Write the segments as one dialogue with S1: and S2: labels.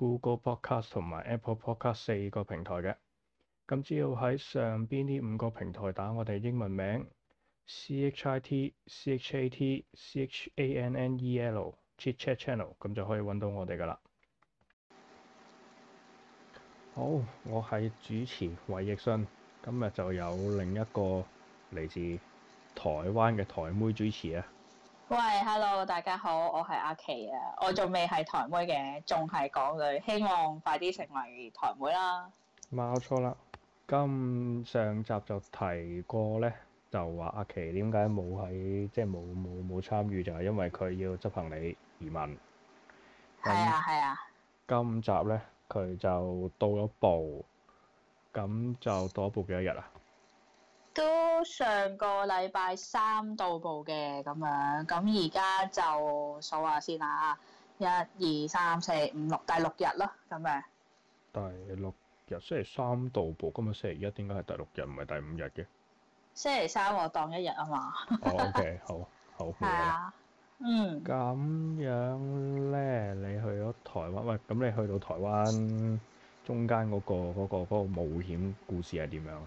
S1: Google Podcast 同埋 Apple Podcast 四個平台嘅。咁只要喺上邊呢五個平台打我哋英文名 C H I T C H A T C H A N N E L Chit Chat Channel 咁就可以揾到我哋噶啦。好，我係主持韋奕迅，今日就有另一個嚟自台灣嘅台妹主持啊。
S2: 喂，hello，大家好，我係阿琪啊，我仲未係台妹嘅，仲係港女，希望快啲成為台妹啦。
S1: 冇錯啦，今上集就提過呢，就話阿琪點解冇喺，即係冇冇冇參與，就係、是、因為佢要執行李移民。
S2: 係啊，係啊。
S1: 今集呢，佢就到咗步，咁就到咗步幾多日啊？
S2: 都上個禮拜三到步嘅，咁樣，咁而家就數下先啦，一、二、三、四、五、六，第六日咯，咁樣。
S1: 第六日，星期三到步，今日星期一，點解係第六日唔係第五日嘅？
S2: 星期三我當一日啊嘛。
S1: 哦、 oh，OK，好，好。
S2: 係
S1: 啊， 嗯。咁樣咧，你去咗台灣？喂，咁你去到台灣中間嗰個嗰個嗰個冒險故事係點樣啊？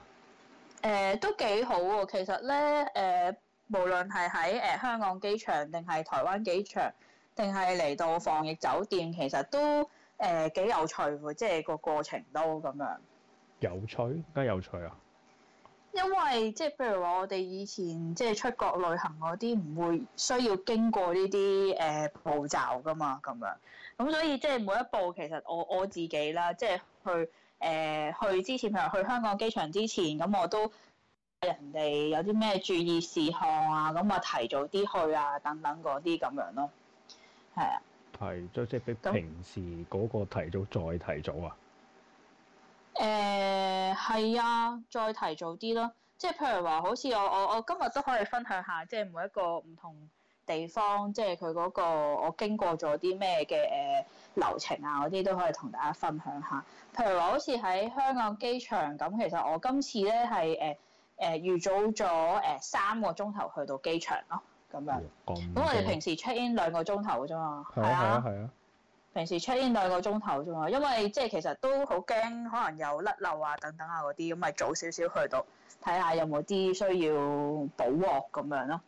S2: 誒、呃、都幾好喎，其實咧誒、呃，無論係喺誒香港機場定係台灣機場，定係嚟到防疫酒店，其實都誒幾、呃、有趣喎，即係個過程都咁樣。
S1: 有趣？點解有趣啊？
S2: 因為即係譬如話，我哋以前即係出國旅行嗰啲，唔會需要經過呢啲誒步驟㗎嘛，咁樣。咁所以即係每一步，其實我我自己啦，即係去。誒、呃、去之前，譬如去香港機場之前，咁我都問人哋有啲咩注意事項啊，咁啊提早啲去啊，等等嗰啲咁樣咯，
S1: 係啊，係、啊、即即比平時嗰個提早那再提早啊，
S2: 誒係、呃、啊，再提早啲咯，即譬如話，好似我我我今日都可以分享下，即每一個唔同。地方即係佢嗰個，我經過咗啲咩嘅誒流程啊，嗰啲都可以同大家分享下。譬如話，好似喺香港機場咁，其實我今次咧係誒誒預早咗誒、呃、三個鐘頭去到機場咯，咁樣。
S1: 咁我哋平時
S2: check in 兩個鐘頭啫嘛。係啊係啊。平時 check in 兩個鐘頭啫嘛，因為即係其實都好驚，可能有甩漏啊等等啊嗰啲，咁咪早少少去到睇下有冇啲需要補鑊咁樣咯。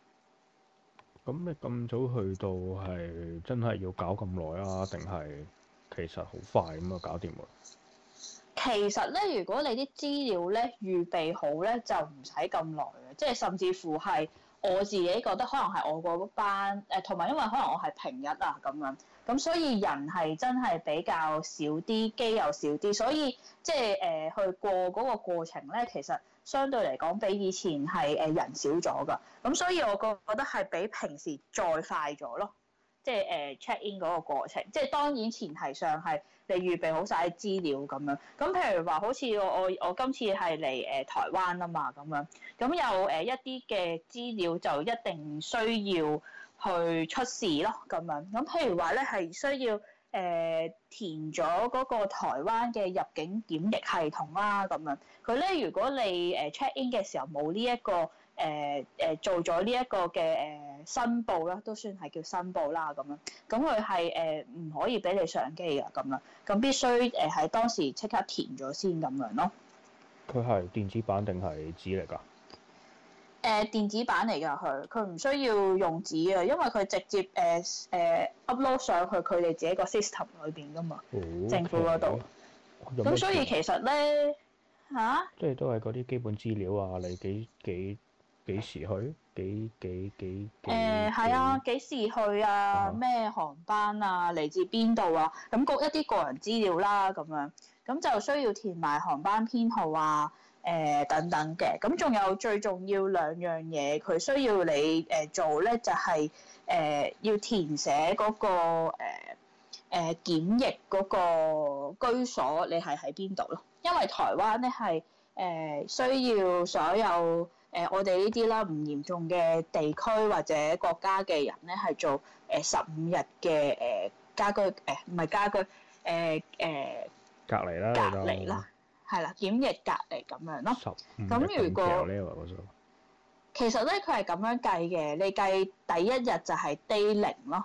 S1: 咁你咁早去到係真係要搞咁耐啊？定係其實好快咁就搞掂喎？
S2: 其實咧，如果你啲資料咧預備好咧，就唔使咁耐嘅。即係甚至乎係我自己覺得，可能係我嗰班誒，同埋因為可能我係平日啊咁樣，咁所以人係真係比較少啲，機又少啲，所以即係誒、呃、去過嗰個過程咧，其實～相對嚟講，比以前係誒人少咗噶，咁所以我覺覺得係比平時再快咗咯，即係誒 check in 嗰個過程。即係當然前提上係你預備好曬資料咁樣。咁譬如話，好似我我我今次係嚟誒台灣啊嘛咁樣，咁有誒一啲嘅資料就一定需要去出示咯咁樣。咁譬如話咧，係需要。誒、呃、填咗嗰個台灣嘅入境檢疫系統啦、啊，咁樣佢咧，如果你誒 check in 嘅時候冇呢一個誒誒、呃呃、做咗呢一個嘅誒、呃、申報啦，都算係叫申報啦，咁樣咁佢係誒唔可以俾你上機㗎，咁樣咁必須誒喺當時即刻填咗先，咁樣咯。
S1: 佢係電子版定係紙嚟㗎？
S2: 誒電子版嚟㗎佢，佢唔需要用紙啊，因為佢直接誒誒、uh, uh, upload 上去佢哋自己個 system 裏邊㗎嘛，Okay.
S1: 政府嗰度。咁所以其
S2: 實咧嚇。
S1: 啊、即係都係嗰啲基本資料啊，你幾幾幾時去？幾幾幾幾？誒
S2: 係、呃、啊，幾時去啊？啊、咩航班啊？嚟自邊度啊？咁各一啲個人資料啦，咁樣咁就需要填埋航班編號啊。誒等等嘅，咁仲有最重要兩樣嘢，佢需要你誒做咧，就係誒要填寫嗰個誒誒檢疫嗰個居所，你係喺邊度咯？因為台灣咧係誒需要所有誒我哋呢啲啦唔嚴重嘅地區或者國家嘅人咧，係做誒十五日嘅誒家居誒唔係家居誒誒
S1: 隔離啦，隔離啦。
S2: 係啦，檢疫隔離咁樣咯。十，咁如果其實咧，佢係咁樣計嘅。你計第一日就係 day 零咯。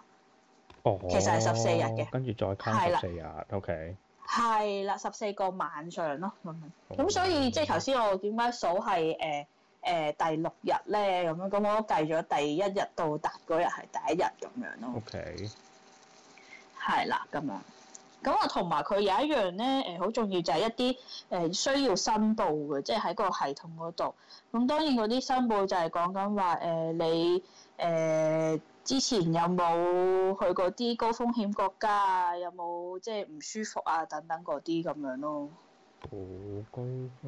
S1: 哦。其實係十四日嘅。跟住再 count 十四日，OK。
S2: 係啦，十四個晚上咯，咁樣。咁所以即係頭先我點解數係誒誒第六日咧咁樣？咁我都計咗第一日到達嗰日係第一日咁樣咯。OK。係啦，咁樣。咁我同埋佢有一樣咧，誒好重要就係一啲誒需要申報嘅，即係喺個系統嗰度。咁當然嗰啲申報就係講緊話，誒、呃、你誒、呃、之前有冇去過啲高風險國家啊？有冇即係唔舒服啊？等等嗰啲咁樣咯。哦。高風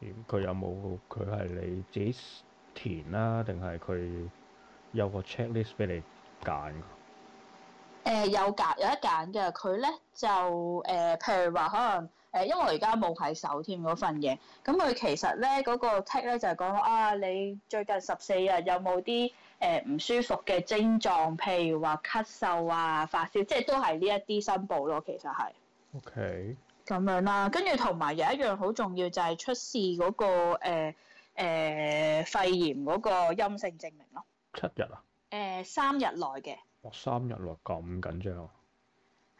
S1: 險佢有冇？佢係你自己填啦、啊，定係佢有個 checklist 俾你揀？
S2: 誒有揀，有得揀嘅，佢咧就誒、呃，譬如話可能誒、呃，因為我而家冇喺手添嗰份嘢，咁佢其實咧嗰、那個 c h 咧就係、是、講啊，你最近十四日有冇啲誒唔舒服嘅症狀，譬如話咳嗽啊、發燒，即係都係呢一啲申報咯，其實係。
S1: O K。
S2: 咁樣啦，跟住同埋有一樣好重要就係出示嗰、那個誒、呃呃、肺炎嗰個陰性證明咯。
S1: 七日啊？誒、
S2: 呃，三日內嘅。
S1: 哦、三日喎，咁緊張？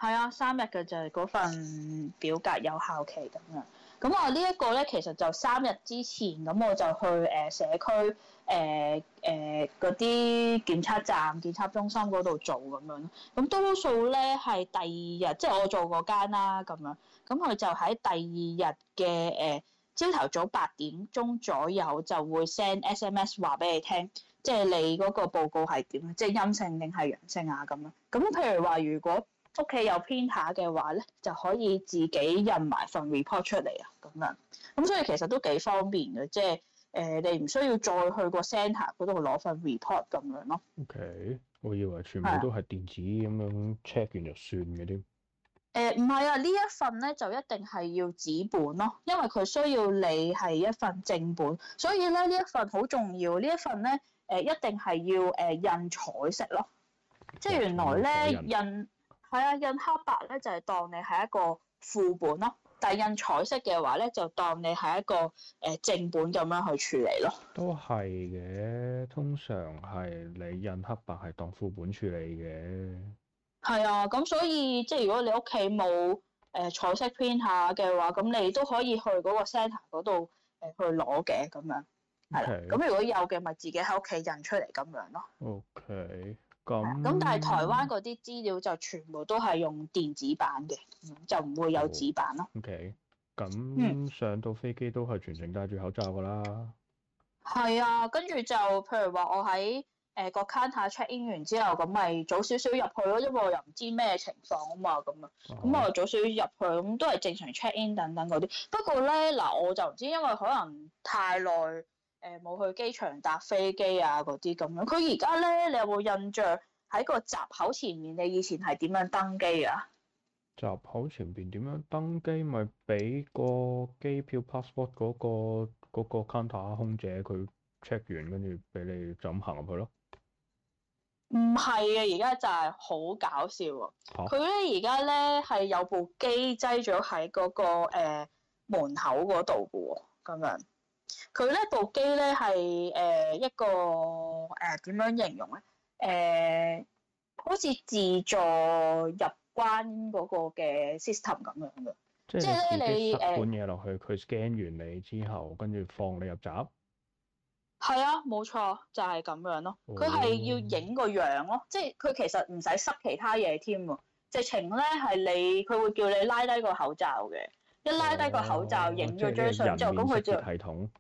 S2: 係啊，三日嘅就係嗰份表格有效期咁樣。咁我呢一個咧，其實就三日之前，咁我就去誒、呃、社區誒誒嗰啲檢測站、檢測中心嗰度做咁樣。咁多數咧係第二日，即係我做嗰間啦咁樣。咁佢就喺第二日嘅誒朝頭早八點鐘左右就會 send SMS 話俾你聽。即係你嗰個報告係點咧？即係陰性定係陽性啊？咁樣咁譬如話，如果屋企有 printer 嘅話咧，就可以自己印埋份 report 出嚟啊！咁樣咁所以其實都幾方便嘅，即係誒、呃、你唔需要再去個 centre 嗰度攞份 report 咁樣咯。
S1: OK，我以為全部都係電子咁樣 check 完就算嘅添。
S2: 誒唔係啊，呢、呃啊、一份咧就一定係要紙本咯，因為佢需要你係一份正本，所以咧呢一份好重要，呢一份咧。誒、呃、一定係要誒、呃、印彩色咯，即係原來咧印係印啊，印黑白咧就係、是、當你係一個副本咯，但係印彩色嘅話咧就當你係一個誒、呃、正本咁樣去處理咯。
S1: 都係嘅，通常係你印黑白係當副本處理嘅。
S2: 係啊，咁所以即係如果你屋企冇誒彩色 print 下嘅話，咁你都可以去嗰個 centre 嗰度誒、呃、去攞嘅咁樣。
S1: 係，咁如果有
S2: 嘅咪自己喺屋企印出嚟咁樣咯。
S1: O K，咁咁但係台灣嗰
S2: 啲資料就全部都係用電子版嘅，就唔會有紙版咯。
S1: O K，咁上到飛機都係全程戴住口罩㗎啦。
S2: 係啊，跟住就譬如話我喺誒個 counter check in 完之後，咁咪早少少入去咯，因為我又唔知咩情況啊嘛，咁啊，咁我早少少入去，咁都係正常 check in 等等嗰啲。不過咧，嗱我就唔知，因為可能太耐。誒冇去機場搭飛機啊，嗰啲咁樣。佢而家咧，你有冇印象喺個閘口前面？你以前係點樣登機啊？
S1: 閘口前邊點樣登機？咪俾個機票 passport 嗰、嗰個、嗰個、counter 空姐佢 check 完，跟住俾你就咁行入去咯。
S2: 唔係啊，而家就係好搞笑，哦、啊！佢咧而家咧係有部機擠咗喺嗰個誒、呃、門口嗰度嘅喎，咁樣。佢咧，部機咧係誒一個誒點樣形容咧？誒好似自助入關嗰個嘅 system 咁樣嘅，即係你塞本
S1: 嘢落去，佢 scan 完你之後，跟住放你入閘。
S2: 係啊，冇錯，就係咁樣咯。佢係要影個樣咯，即係佢其實唔使塞其他嘢添喎，直情咧係你，佢會叫你拉低個口罩嘅，一拉低個口罩影咗張相之後，咁佢就。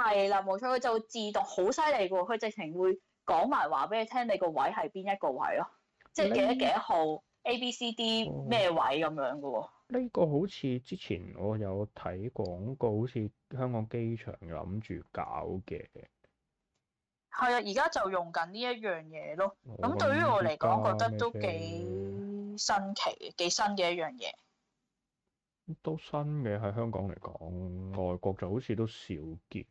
S2: 係啦，冇錯，佢就自動好犀利嘅喎，佢直情會講埋話俾你聽，你個位係邊一個位咯，那即係幾多幾多號 A、B、哦、B、哦、C、D 咩位咁樣嘅
S1: 喎。呢個好似之前我有睇廣告，好似香港機場諗住搞嘅。
S2: 係啊，而家就用緊呢一樣嘢咯。咁、哦、對於我嚟講，覺得都幾新奇、幾新嘅一樣嘢。
S1: 都新嘅喺香港嚟講，外國就好似都少見，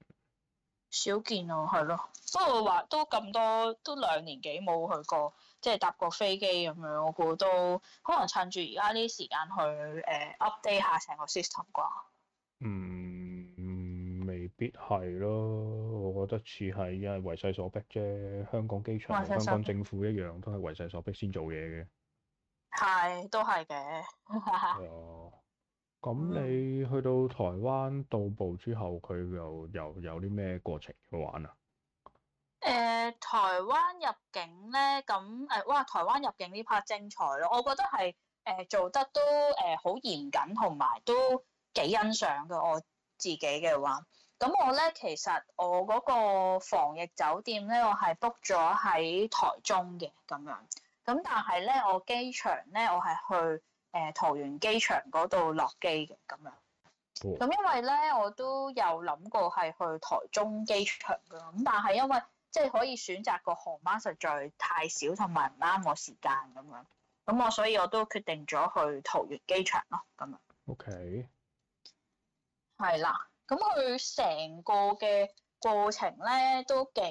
S2: 少見啊，係咯。不過話都咁多都兩年幾冇去過，即係搭過飛機咁樣，我估都可能趁住而家呢啲時間去誒、呃、update 下成個 system 啩、嗯。嗯，
S1: 未必係咯。我覺得似係因為為勢所逼啫。香港機場同香港政府一樣，都係為勢所逼先做嘢嘅。
S2: 係，都係嘅。 uh,
S1: 咁你去到台灣到步之後，佢又又有啲咩過程去玩啊？
S2: 誒、呃，台灣入境咧，咁誒、呃，哇，台灣入境呢 part 精彩咯，我覺得係誒、呃、做得都誒好嚴謹，同、呃、埋都幾欣賞嘅。我自己嘅話，咁我咧其實我嗰個防疫酒店咧，我係 book 咗喺台中嘅咁樣，咁但係咧我機場咧我係去。誒、呃、桃園機場嗰度落機嘅咁樣，咁、哦、因為咧我都有諗過係去台中機場噶，咁但係因為即係、就是、可以選擇個航班實在太少，同埋唔啱我時間咁樣，咁我所以我都決定咗去桃園機場咯咁樣。OK，係啦，咁佢成個嘅過程咧都幾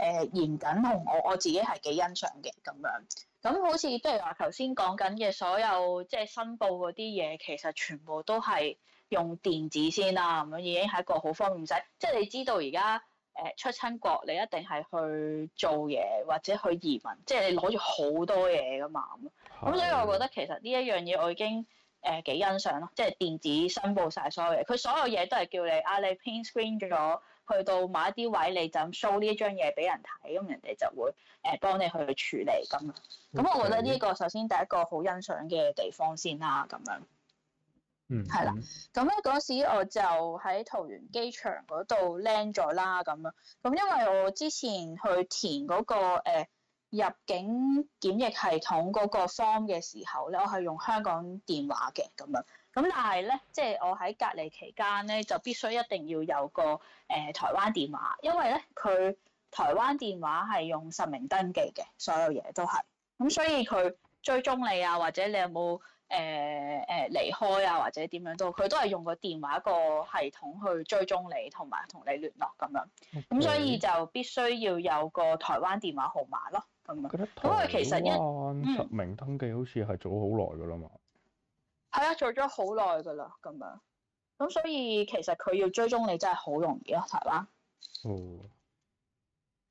S2: 誒、呃、嚴謹，同我我自己係幾欣賞嘅咁樣。咁好似，譬如話頭先講緊嘅所有，即係申報嗰啲嘢，其實全部都係用電子先啦，咁樣已經係一個好方便。使即係你知道而家誒出親國，你一定係去做嘢或者去移民，即係你攞住好多嘢噶嘛，咁的。咁所以我覺得其實呢一樣嘢，我已經，誒幾、呃、欣賞咯，即係電子申報晒所有嘢，佢所有嘢都係叫你啊，你 print screen 咗去到某一啲位，你就 show 呢一張嘢俾人睇，咁人哋就會誒、呃、幫你去處理咁。咁 Okay. 我覺得呢一個首先第一個好欣賞嘅地方先啦，咁樣，嗯、mm，係、hmm. 啦。咁咧嗰時我就喺桃園機場嗰度 land 咗啦，咁樣。咁因為我之前去填嗰、那個、呃入境檢疫系統嗰個 form 嘅時候咧，我係用香港電話嘅咁樣。咁但係咧，即係我喺隔離期間咧，就必須一定要有個誒台灣電話，因為咧佢台灣電話係用實名登記嘅，所有嘢都係咁，所以佢追蹤你啊，或者你有冇誒誒離開啊，或者點樣都，佢都係用個電話個系統去追蹤你同埋同你聯絡咁樣。咁所以就必須要有個台灣電話號碼咯。覺得台
S1: 灣實名登記好似係早好耐嘅啦嘛，
S2: 係、嗯、啊，做咗好耐嘅啦咁樣，咁所以其實佢要追蹤你真係好容易咯、啊，台灣。哦。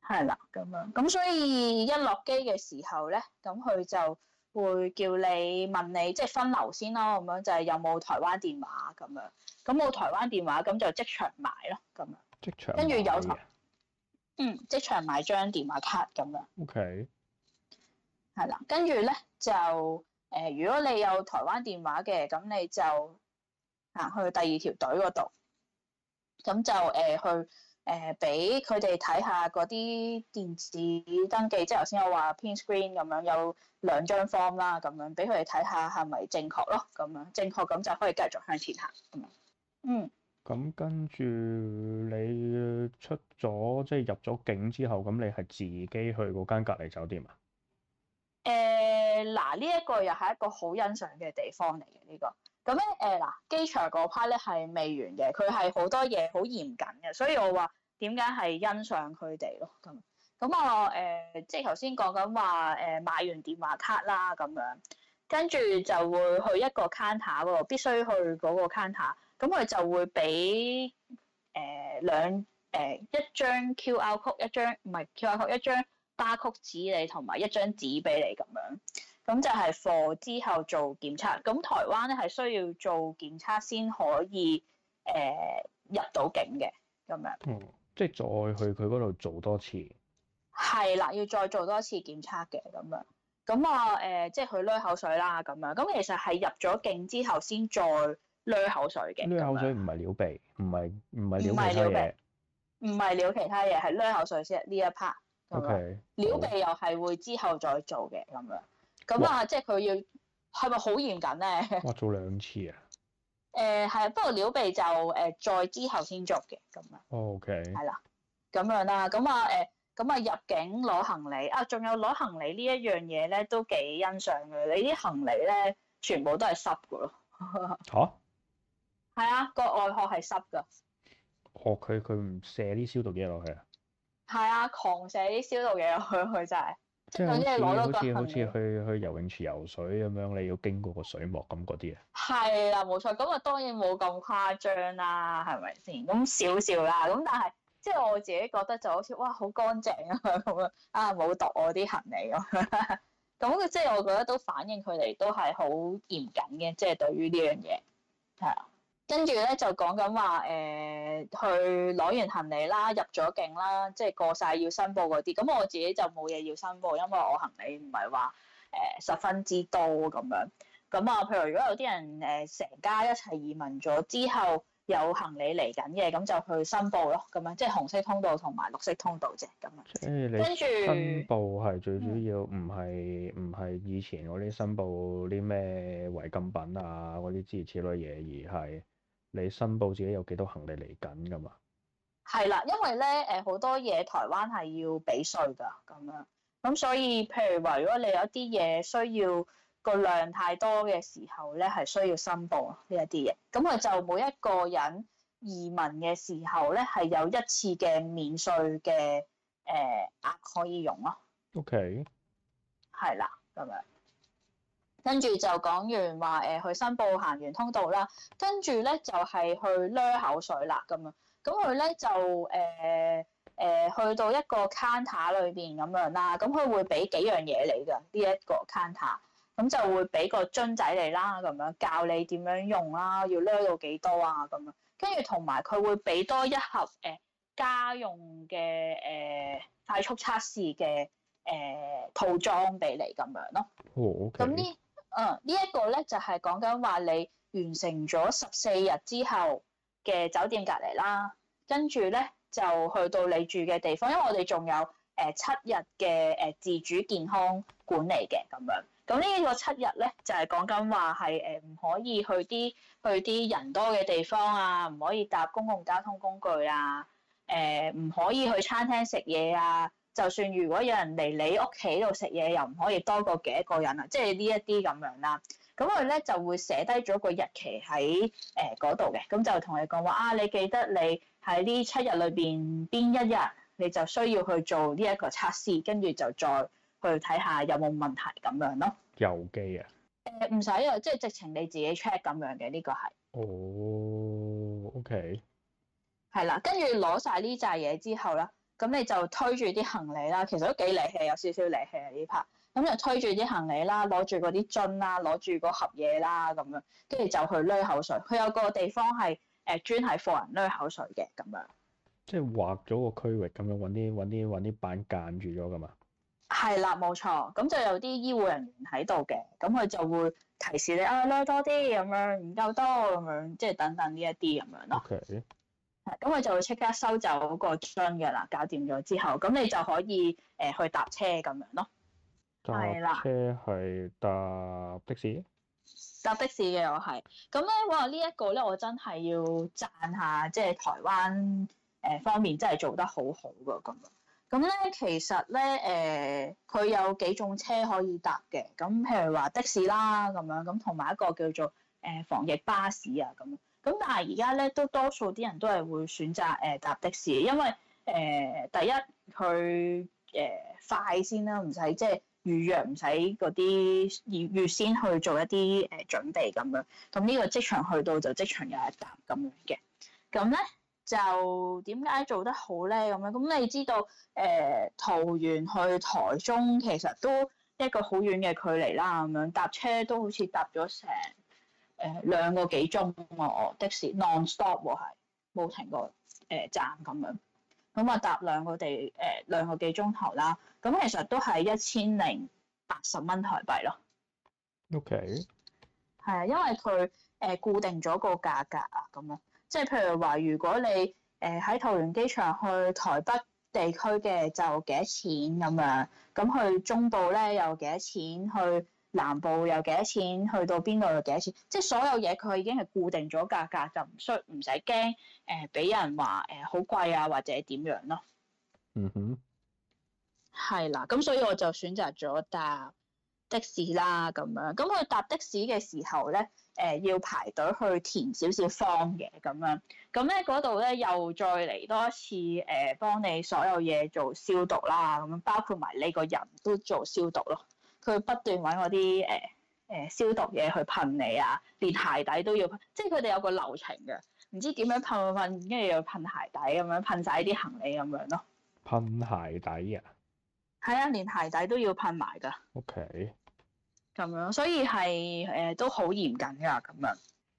S2: 係啦，咁樣，咁所以一落機嘅時候咧，咁佢就會叫你問你即係、就是、分流先咯，咁樣就係有冇台灣電話咁樣，咁冇台灣電話咁就即場買咯，咁樣。即場買。跟住有。嗯，即場買張電話卡咁樣。OK。係啦，跟住咧就誒、呃，如果你有台灣電話嘅，咁你就行去第二條隊嗰度。咁就誒、呃、去誒俾佢哋睇下嗰啲電子登記，即係頭先我話 pink screen 咁樣有兩張 form 啦，咁樣俾佢哋睇下係咪正確咯，咁樣正確咁就可以繼續向前行。嗯。
S1: 咁跟住你出咗即係入咗境之後，咁你係自己去嗰間隔離酒店啊？
S2: 誒嗱、欸、呢、這個、一個又係一個好欣賞嘅地方嚟嘅呢個。咁咧誒嗱，機場嗰 part 咧係未完嘅，佢係好多嘢好嚴謹嘅，所以我話點解係欣賞佢哋咯咁。咁我誒、呃、即係頭先講緊話誒買完電話卡啦咁樣，跟住就會去一個 counter 嗰度，必須去嗰個 counter。咁佢就會俾誒、呃、兩誒一張 QR Code，一張唔係 QR Code，一張 bar code 紙你同埋一張紙俾你咁樣。咁就係貨之後做檢測。咁台灣咧係需要做檢測先可以誒、呃、入到境嘅咁樣。嗯，
S1: 即係再去佢嗰度做多次。
S2: 係啦，要再做多次檢測嘅咁樣。咁啊誒，即係佢攣口水啦咁樣。咁其實係入咗境之後先再。撩口水嘅。
S1: 咁撩口水唔係撩鼻，唔係唔係撩其
S2: 他嘢，唔係撩其他嘢，係撩口水先呢一 part 咁樣。撩鼻又係會之後再做嘅咁樣。咁啊，哇即係佢要係咪好嚴謹咧？
S1: 我做兩次啊？
S2: 誒係啊，不過撩鼻就誒、呃、再之後先做嘅咁樣。
S1: OK，係
S2: 啦、啊，咁樣啦、啊。咁、欸、啊誒，咁啊入境攞行李啊，仲有攞行，行李呢一樣嘢咧，都幾欣賞嘅。你啲行李咧，全部都係濕噶咯嚇？呵呵呵 係啊，個外殼係濕㗎。
S1: 學佢佢唔射啲消毒嘢落去啊。
S2: 係啊，狂射啲消毒嘢落去，佢就係、是。即係攞好似好似好似去
S1: 去游泳池游水咁樣，你要經過個水幕咁嗰啲啊。
S2: 係啦，冇錯。咁啊，當然冇咁誇張啦，係咪先？咁少少啦。咁但係，即係我自己覺得就好似哇，好乾淨啊咁啊 啊，冇毒我啲行李咁、啊。咁即係我覺得都反映佢哋都係好嚴謹嘅，即、就、係、是、對於呢樣嘢係啊。跟住咧就講緊話誒，去攞完行李啦，入咗境啦，即係過晒要申報嗰啲。咁我自己就冇嘢要申報，因為我行李唔係話誒十分之多咁樣。咁啊，譬如如果有啲人誒成、呃、家一齊移民咗之後有行李嚟緊嘅，咁就去申報咯，咁樣即係紅色通道同埋綠色通道啫咁樣。
S1: 跟住，申報係最主要，唔係唔係以前嗰啲申報啲咩違禁品啊，嗰啲諸如此類嘢，而係。你申報自己有幾多行李嚟緊噶嘛？
S2: 係啦，因為咧誒好多嘢台灣係要俾稅噶咁樣，咁，所以譬如話，如果你有啲嘢需要個量太多嘅時候咧，係需要申報呢一啲嘢。咁佢就每一個人移民嘅時候咧，係有一次嘅免稅嘅誒額可以用咯。OK，係啦咁樣。Okay. 跟住就講完話誒、呃，去申報行完通道啦。跟住咧就係、是、去濾口水啦咁樣。咁佢咧就誒誒、呃呃、去到一個 counter 裏邊咁樣，嗯樣這個嗯、啦。咁佢會俾幾樣嘢你㗎呢一個 counter。咁就會俾個樽仔你啦，咁樣教你點樣用啦、啊，要濾到幾多啊咁樣。跟住同埋佢會俾多一盒誒、呃、家用嘅誒、呃、快速測試嘅誒、呃、套裝俾你咁樣咯。哦，咁呢？嗯，呢一、uh, 個咧就係講緊話你完成咗十四日之後嘅酒店隔離啦，跟住咧就去到你住嘅地方，因為我哋仲有誒七日嘅誒自主健康管理嘅咁樣，咁呢個七日咧就係講緊話係誒唔可以去啲去啲人多嘅地方啊，唔可以搭公共交通工具啊，誒、呃、唔可以去餐廳食嘢啊。就算如果有人嚟你屋企度食嘢，又唔可以多過幾多個人啊，即係呢一啲咁樣啦。咁佢咧就會寫低咗個日期喺誒嗰度嘅，咁、呃、就同你講話啊，你記得你喺呢七日裏邊邊一日你就需要去做呢一個測試，跟住就再去睇下有冇問題咁樣咯。
S1: 郵寄啊？
S2: 誒唔使啊，即係直情你自己 check 咁樣嘅呢、個係。
S1: 哦、oh, OK。
S2: 係啦，跟住攞晒呢紮嘢之後咧。咁你就推住啲行李啦，其實都幾離氣，有少少離氣啊呢 part。咁就推住啲行李啦，攞住嗰啲樽啦，攞住嗰盒嘢啦，咁樣，跟住就去濾口水。佢有個地方係誒、呃、專係放人濾口水嘅咁樣。
S1: 即係劃咗個區域咁樣，揾啲揾啲揾啲板間住咗噶嘛？
S2: 係啦，冇錯。咁就有啲醫護人員喺度嘅，咁佢就會提示你啊，濾多啲咁樣，唔夠多咁樣，樣，即係等等呢一啲咁樣咯。Okay. 咁佢就會即刻收走個樽嘅啦，搞掂咗之後，咁你就可以誒、呃、去搭車咁樣咯。
S1: 係啦，車係搭的士。
S2: 搭的士嘅又係，咁咧哇、這個、呢一個咧，我真係要讚下，即、就、係、是、台灣誒、呃、方面真係做得好好噶咁。咁咧其實咧誒，佢、呃、有幾種車可以搭嘅，咁譬如話的士啦咁樣，咁同埋一個叫做誒、呃、防疫巴士啊咁。咁但係而家咧都多數啲人都係會選擇誒、呃、搭的士，因為誒、呃、第一佢誒、呃、快先啦，唔使即係預約，唔使嗰啲預預先去做一啲誒、呃、準備咁樣。咁呢個即場去到就即場有一搭咁樣嘅。咁咧就點解做得好咧？咁樣咁你知道誒、呃、桃園去台中其實都一個好遠嘅距離啦，咁樣搭車都好似搭咗成。誒兩個幾鐘我的士 non stop 喎，係冇停過誒、呃、站咁樣，咁啊搭兩個地誒、呃、兩個幾鐘頭啦，咁其實都係一千零八十蚊台幣咯。
S1: OK。
S2: 係啊，因為佢誒、呃、固定咗個價格啊，咁樣，即係譬如話，如果你誒喺桃園機場去台北地區嘅就幾多錢咁樣，咁去中部咧又幾多錢？去南部有幾多錢？去到邊度有幾多錢？即係所有嘢佢已經係固定咗價格，就唔需唔使驚誒俾人話誒好貴啊或者點樣咯。嗯
S1: 哼，
S2: 係啦，咁所以我就選擇咗搭的士啦咁樣。咁佢搭的士嘅時候咧，誒、呃、要排隊去填少少方嘅咁樣。咁咧嗰度咧又再嚟多一次誒、呃，幫你所有嘢做消毒啦，咁樣包括埋你個人都做消毒咯。佢不斷揾嗰啲誒誒消毒嘢去噴你啊，連鞋底都要噴，即係佢哋有個流程嘅，唔知點樣噴噴，跟住又噴鞋底咁樣，噴晒啲行李咁樣咯。
S1: 噴鞋底啊？係
S2: 啊，連鞋底都要噴埋㗎。O K，咁樣，所以係誒、呃、都好嚴謹㗎，咁樣。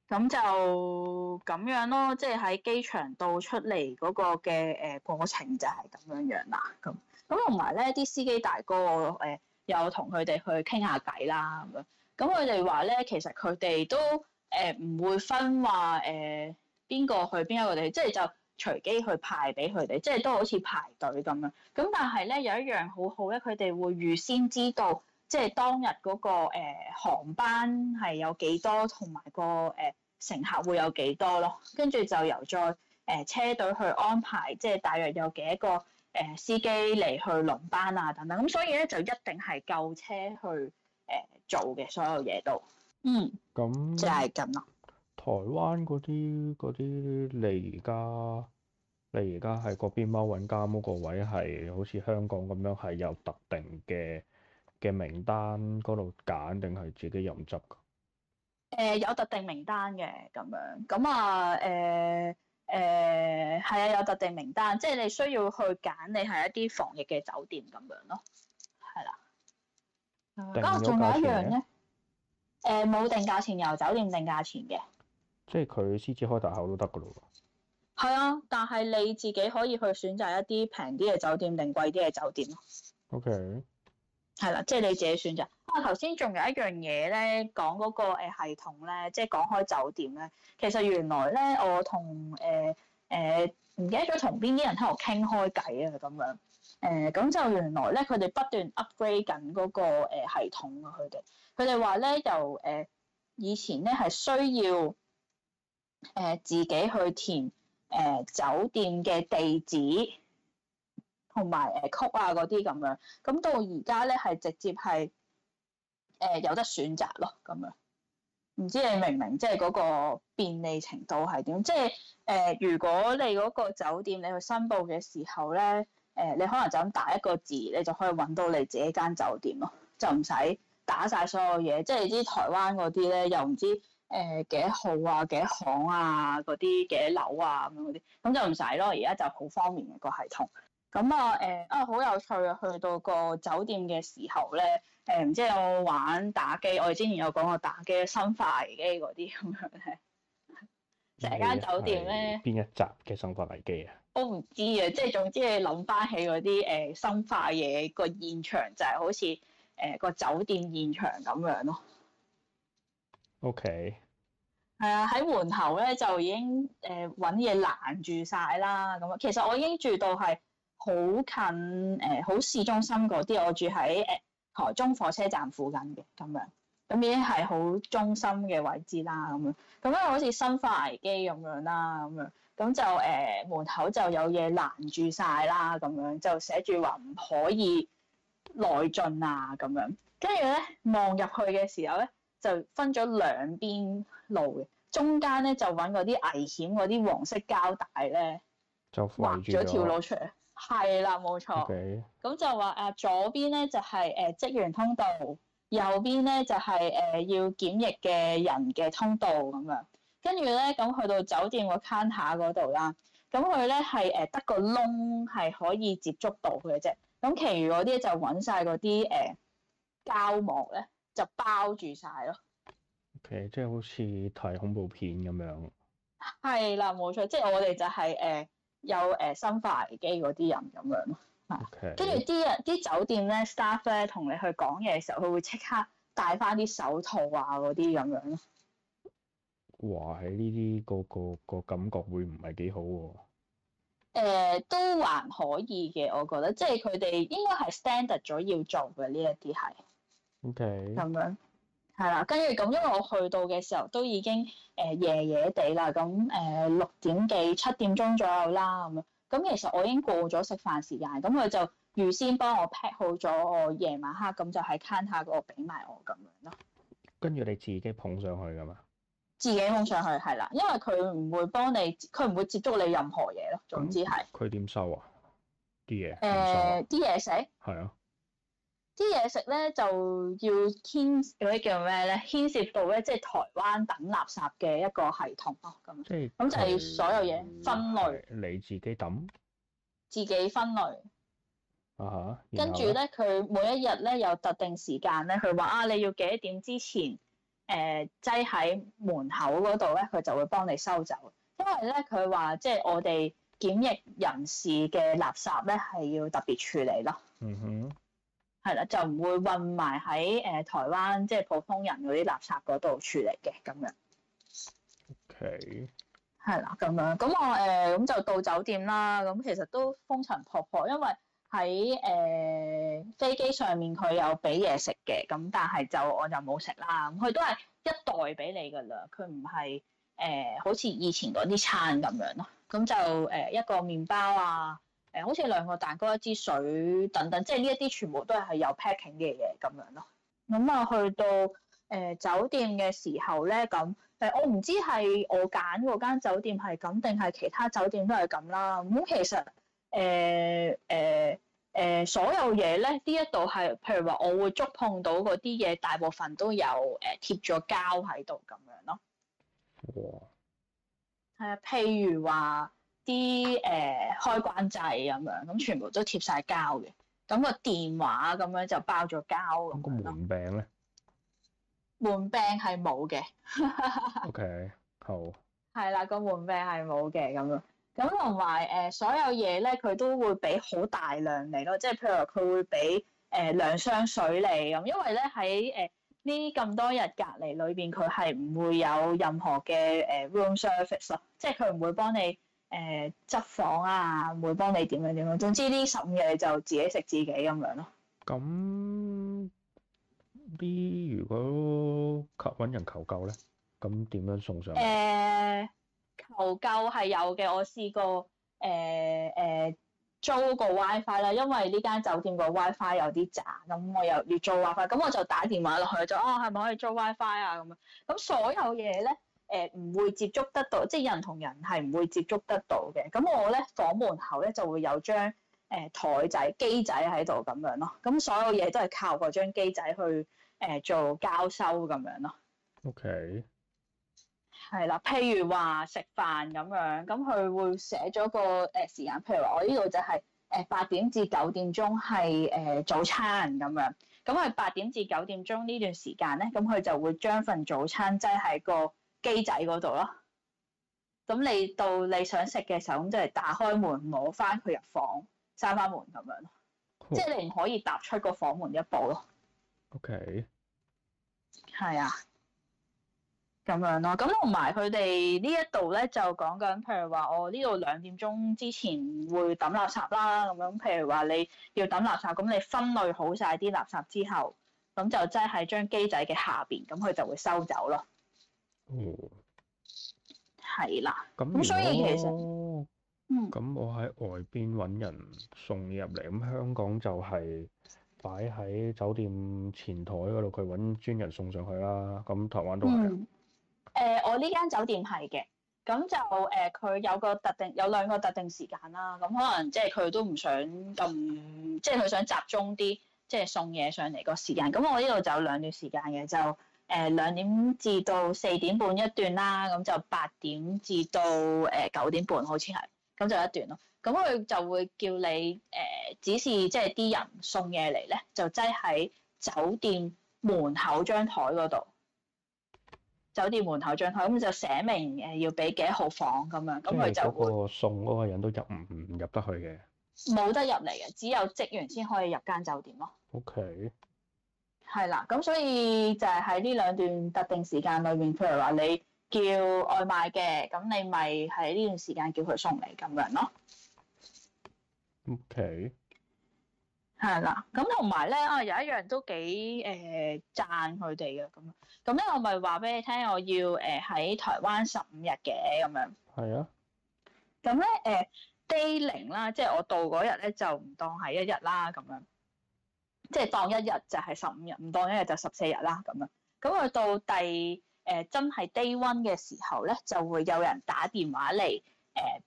S2: 咁就咁樣咯，即係喺機場度出嚟嗰個嘅誒、呃、過程就係咁樣樣啦。咁咁同埋咧，啲司機大哥誒。呃呃有同佢哋去傾下偈啦咁樣，咁佢哋話咧，其實佢哋都誒唔、呃、會分話誒邊個去邊一個地，即係就隨機去排俾佢哋，即係都好似排隊咁樣。咁但係咧有一樣好好咧，佢哋會預先知道即係當日嗰、嗰個、呃、航班係有幾多，同埋、嗰個誒、呃、乘客會有幾多咯。跟住就由再誒、呃、車隊去安排，即係大約有幾多個。誒司機嚟去輪班啊，等等咁，所以咧就一定係舊車去誒做嘅所有嘢都，
S1: 嗯，即係咁咯。台灣嗰啲嗰啲你而家你而家喺嗰邊揀揾工嗰個位係好似香港咁樣係有特定嘅嘅名單嗰度揀定係自己任執㗎？
S2: 誒有特定名單嘅咁樣，咁啊誒。誒係啊，有特定名單，即係你需要去揀你係一啲防疫嘅酒店咁樣咯，係啦。咁啊，仲有一樣咧，誒冇定、呃、定價錢由酒店定價錢嘅，
S1: 即係佢獅子開大口都得噶咯。
S2: 係啊，但係你自己可以去選擇一啲平啲嘅酒店定貴啲嘅酒店咯。OK。係啦，即係你自己選擇。啊，頭先仲有一樣嘢咧，講嗰個系統咧，即係講開酒店咧。其實原來咧，我同誒誒唔記得咗同邊啲人喺度傾開偈啊，咁樣誒咁、呃、就原來咧，佢哋不斷 upgrade 緊嗰、那個、呃、系統啊。佢哋佢哋話咧，由誒、呃、以前咧係需要誒、呃、自己去填誒、呃、酒店嘅地址。同埋誒曲啊嗰啲咁樣，咁到而家咧係直接係誒、呃、有得選擇咯咁樣。唔知你明唔明？即係嗰個便利程度係點？即係誒、呃，如果你嗰個酒店你去申報嘅時候咧，誒、呃、你可能就咁打一個字，你就可以揾到你自己間酒店咯，就唔使打晒所有嘢。即係你知台灣嗰啲咧，又唔知誒、呃、幾號啊、幾多行啊嗰啲、幾樓啊咁樣嗰啲，咁就唔使咯。而家就好方便嘅個系統。咁啊，誒啊、嗯，好、嗯嗯、有趣啊！去到個酒店嘅時候咧，誒、嗯，唔知有冇玩打機，我哋之前有講過打機《生化危機》嗰啲咁樣咧，成間酒店咧
S1: 邊一集嘅《生化危機》啊？
S2: 我唔、嗯、知啊，即係總之你諗翻起嗰啲誒生化嘢個現場就，就係好似誒個酒店現場咁樣咯。
S1: OK，
S2: 係啊、嗯，喺門口咧就已經誒揾嘢攔住晒啦。咁、嗯、啊，其實我已經住到係。好近誒，好、呃、市中心嗰啲，我住喺誒台中火車站附近嘅咁樣，咁已經係好中心嘅位置啦，咁樣咁咧好似生化危機咁樣啦，咁樣咁就誒、呃、門口就有嘢攔住晒啦，咁樣就寫住話唔可以內進啊，咁樣跟住咧望入去嘅時候咧就分咗兩邊路嘅，中間咧就揾嗰啲危險嗰啲黃色膠帶咧
S1: 就畫咗條路出嚟。
S2: 係啦，冇錯。咁 Okay. 就話誒、啊，左邊咧就係、是、誒、呃、職員通道，右邊咧就係、是、誒、呃、要檢疫嘅人嘅通道咁樣。跟住咧，咁、嗯、去到酒店、嗯呃、個 c 下嗰度啦。咁佢咧係誒得個窿係可以接觸到嘅啫。咁其餘嗰啲就揾晒嗰啲誒膠膜咧，就包住晒咯。O、okay.
S1: K，即係好似睇恐怖片咁樣。
S2: 係啦，冇錯。即係我哋就係、是、誒。呃有誒生、呃、化危機嗰啲人咁樣，跟住啲人啲酒店咧，staff 咧同你去講嘢嘅時候，佢會即刻戴翻啲手套啊嗰啲咁樣咯。
S1: 話喺呢啲個個個，個感覺會唔係幾好喎、
S2: 啊呃？都還可以嘅，我覺得，即係佢哋應該係 standard 咗要做嘅呢一啲係。
S1: OK，咁
S2: 樣。係啦，跟住咁，因為我去到嘅時候都已經誒、呃、夜夜地啦，咁、嗯、誒、呃、六點幾、七點鐘左右啦，咁樣。咁其實我已經過咗食飯時間，咁、嗯、佢就預先幫我 pack 好咗我夜晚黑，咁就喺 counter 嗰度俾埋我咁樣咯。
S1: 跟住你自己捧上去㗎嘛？
S2: 自己捧上去係啦，因為佢唔會幫你，佢唔會接觸你任何嘢咯。總之係。
S1: 佢點、嗯、收啊？啲嘢。誒、
S2: 欸，啲嘢食。係啊。啲嘢食咧就要牽嗰啲叫咩咧？牽涉到咧，即係台灣等垃圾嘅一個系統咯。咁即係，咁就係所有嘢分類。嗯、
S1: 你自己抌？
S2: 自己分類。
S1: 啊哈！呢跟住咧，
S2: 佢每一日咧有特定時間咧，佢話啊，你要幾點之前誒擠喺門口嗰度咧，佢就會幫你收走。因為咧，佢話即係我哋檢疫人士嘅垃圾咧，係要特別處理咯。嗯哼。係啦，就唔會混埋喺誒台灣即係普通人嗰啲垃圾嗰度處理嘅咁樣。OK。係啦，咁樣咁我誒咁、呃、就到酒店啦。咁其實都風塵仆仆，因為喺誒、呃、飛機上面佢有俾嘢食嘅，咁但係就我就冇食啦。佢都係一袋俾你㗎啦，佢唔係誒好似以前嗰啲餐咁樣咯。咁就誒、呃、一個麵包啊。誒，好似兩個蛋糕、一支水等等，即係呢一啲全部都係有 packing 嘅嘢咁樣咯。咁、嗯、啊，去到誒、呃、酒店嘅時候咧，咁誒、嗯、我唔知係我揀嗰間酒店係咁，定係其他酒店都係咁啦。咁、嗯、其實誒誒誒，所有嘢咧呢一度係，譬如話我會觸碰到嗰啲嘢，大部分都有誒貼咗膠喺度咁樣咯。哇！係啊，譬如話。啲誒開關掣咁樣，咁全部都貼曬膠嘅。咁個電話咁樣就包咗膠咁
S1: 咯。個門柄咧？
S2: 門柄係冇嘅。
S1: OK，好。
S2: 係啦，個門柄係冇嘅咁樣。咁同埋誒，所有嘢咧佢都會俾好大量你咯，即係譬如佢會俾誒兩箱水你咁，因為咧喺誒呢咁多日隔離裏邊，佢係唔會有任何嘅誒 room service 咯，即係佢唔會幫你。誒、呃、執房啊，會幫你點樣點樣，樣，總之呢十五日就自己食自己咁樣咯。
S1: 咁啲、嗯、如果求揾人求救咧，咁點樣送上嚟、呃？
S2: 求救係有嘅，我試過誒誒、呃呃、租個 WiFi 啦，Fi，因為呢間酒店個 WiFi 有啲渣，咁、嗯、我又要租 WiFi，咁、嗯、我就打電話落去就哦，係咪可以租 WiFi 啊？咁樣，咁、嗯、所有嘢咧？誒唔、呃、會接觸得到，即係人同人係唔會接觸得到嘅。咁我咧房門口咧就會有張誒、呃、枱仔機仔喺度咁樣咯。咁所有嘢都係靠個張機仔去誒、呃、做交收咁樣咯。OK。係啦，譬如話食飯咁樣，咁佢會寫咗個誒、呃、時間。譬如話我呢度就係誒八點至九點鐘係誒早餐咁樣。咁佢八點至九點鐘呢段時間咧，咁佢就會將份早餐擠喺、就是、個機仔嗰度咯，咁你到你想食嘅時候，咁即係打開門攞翻佢入房，閂翻門咁樣咯，Cool. 即係你唔可以踏出個房門一步咯。OK，係啊，咁樣咯。咁同埋佢哋呢一度咧就講緊，譬如話我呢度兩點鐘之前會抌垃圾啦，咁樣譬如話你要抌垃圾，咁你分類好晒啲垃圾之後，咁就擠喺張機仔嘅下邊，咁佢就會收走咯。哦，係啦，咁所以其實，
S1: 咁我喺外邊揾人送嘢入嚟，咁、嗯、香港就係擺喺酒店前台嗰度，佢揾專人送上去啦。咁台灣都係
S2: 誒，我呢間酒店係嘅，咁就誒，佢、呃、有個特定有兩個特定時間啦。咁可能即係佢都唔想咁，即係佢想，想集中啲，即係送嘢上嚟個時間。咁我呢度就有兩段時間嘅就。誒、呃、兩點至到四點半一段啦，咁、嗯、就八點至到誒、呃、九點半好，好似係，咁就一段咯。咁、嗯、佢就會叫你誒、呃、指示，即係啲人送嘢嚟咧，就擠喺酒店門口張枱嗰度。酒店門口張枱，咁、嗯、就寫明誒要俾幾號房咁樣，咁、嗯、佢即係就會個
S1: 送嗰個人都入唔入得去嘅。
S2: 冇得入嚟嘅，只有職員先可以入間酒店咯。OK。係啦，咁所以就係喺呢兩段特定時間裏面，譬如話你叫外賣嘅，咁你咪喺呢段時間叫佢送嚟咁樣咯。
S1: OK。
S2: 係啦，咁同埋咧，啊有一樣都幾誒讚佢哋嘅咁，咁咧我咪話俾你聽，我要誒喺台灣十五日嘅咁樣。係啊。咁咧誒，Day 0啦，即係我到嗰日咧就唔當係一日啦，咁樣。即係當一日就係十五日，唔當一日就十四日啦咁樣。咁、嗯、佢到第誒、呃、真係低 a 嘅時候咧，就會有人打電話嚟誒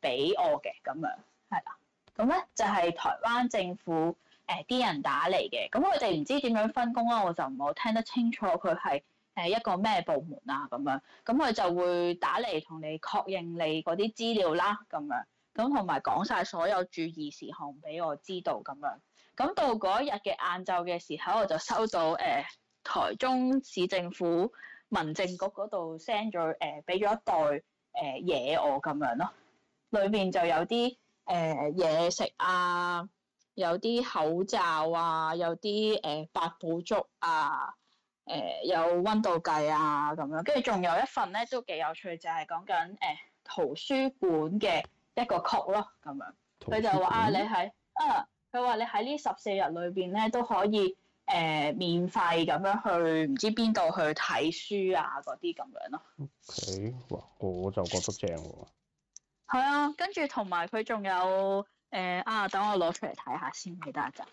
S2: 俾我嘅咁樣，係啦。咁、嗯、咧、嗯、就係、是、台灣政府誒啲、呃、人打嚟嘅。咁佢哋唔知點樣分工啦，我就唔好聽得清楚佢係誒一個咩部門啊咁樣。咁、嗯、佢就會打嚟同你確認你嗰啲資料啦，咁樣，咁同埋講晒所有注意事項俾我知道咁樣。咁到嗰一日嘅晏晝嘅時候，我就收到誒、呃、台中市政府民政局嗰度 send 咗誒俾咗一袋誒嘢、呃、我咁樣咯，裏面就有啲誒嘢食啊，有啲口罩啊，有啲誒八寶粥啊，誒、呃、有温度計啊咁樣，跟住仲有一份咧都幾有趣，就係講緊誒圖書館嘅一個曲咯咁樣，佢就話啊你係啊。佢話：你喺呢十四日裏邊咧都可以誒、呃、免費咁樣去唔知邊度去睇書啊嗰啲咁樣咯。
S1: OK，哇，我就覺得正喎。
S2: 係啊，跟住同埋佢仲有誒、呃、啊，等我攞出嚟睇下先，記得一就。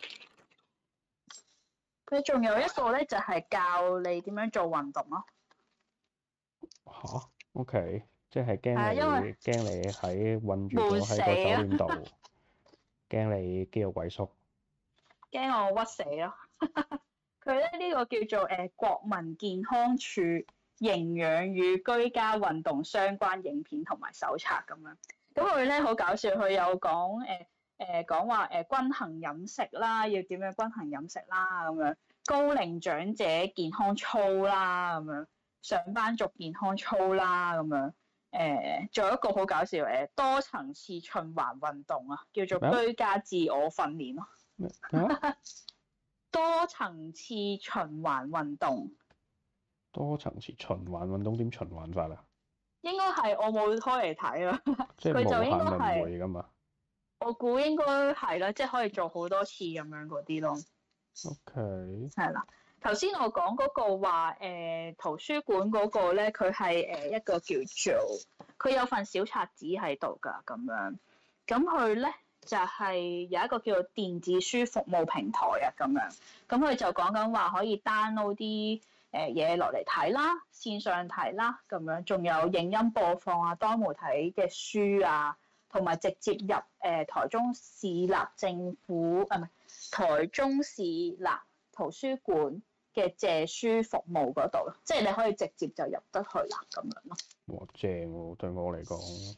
S2: 佢仲有一個咧，就係、是、教你點樣做運動咯、啊。
S1: 吓？OK，即係驚你驚你喺困住喺個酒店度。啊 驚你肌肉萎縮，
S2: 驚我屈死咯！佢 咧呢、呢個叫做誒、呃、國民健康署營養與居家運動相關影片同埋手冊咁樣，咁佢咧好搞笑，佢有講誒誒講話誒均衡飲食啦，要點樣均衡飲食啦咁樣，高齡長者健康操啦咁樣，上班族健康操啦咁樣。誒，仲有一個好搞笑誒，多層次循環運動啊，叫做居家自我訓練咯。 多層次循環運動，
S1: 多層次循環運動點循環法啊？
S2: 應該係我冇開嚟睇啦。佢 就應
S1: 該係。
S2: 我估應該係啦，即係可以做好多次咁樣嗰啲咯。OK。係啦。頭先我講嗰個話，誒圖書館嗰個咧，佢係誒一個叫做佢有份小冊子喺度㗎，咁樣，咁佢咧就係有一個叫做電子書服務平台啊，咁樣，咁佢就講緊話可以 download 啲誒嘢落嚟睇啦，線上睇啦，咁樣，仲有影音播放啊，多媒體嘅書啊，同埋直接入誒台中市立政府啊，唔、呃、係台中市立圖書館。嘅借書服務嗰度即係你可以直接就入得去啦咁樣咯。
S1: 哇，正喎、哦！對我嚟講，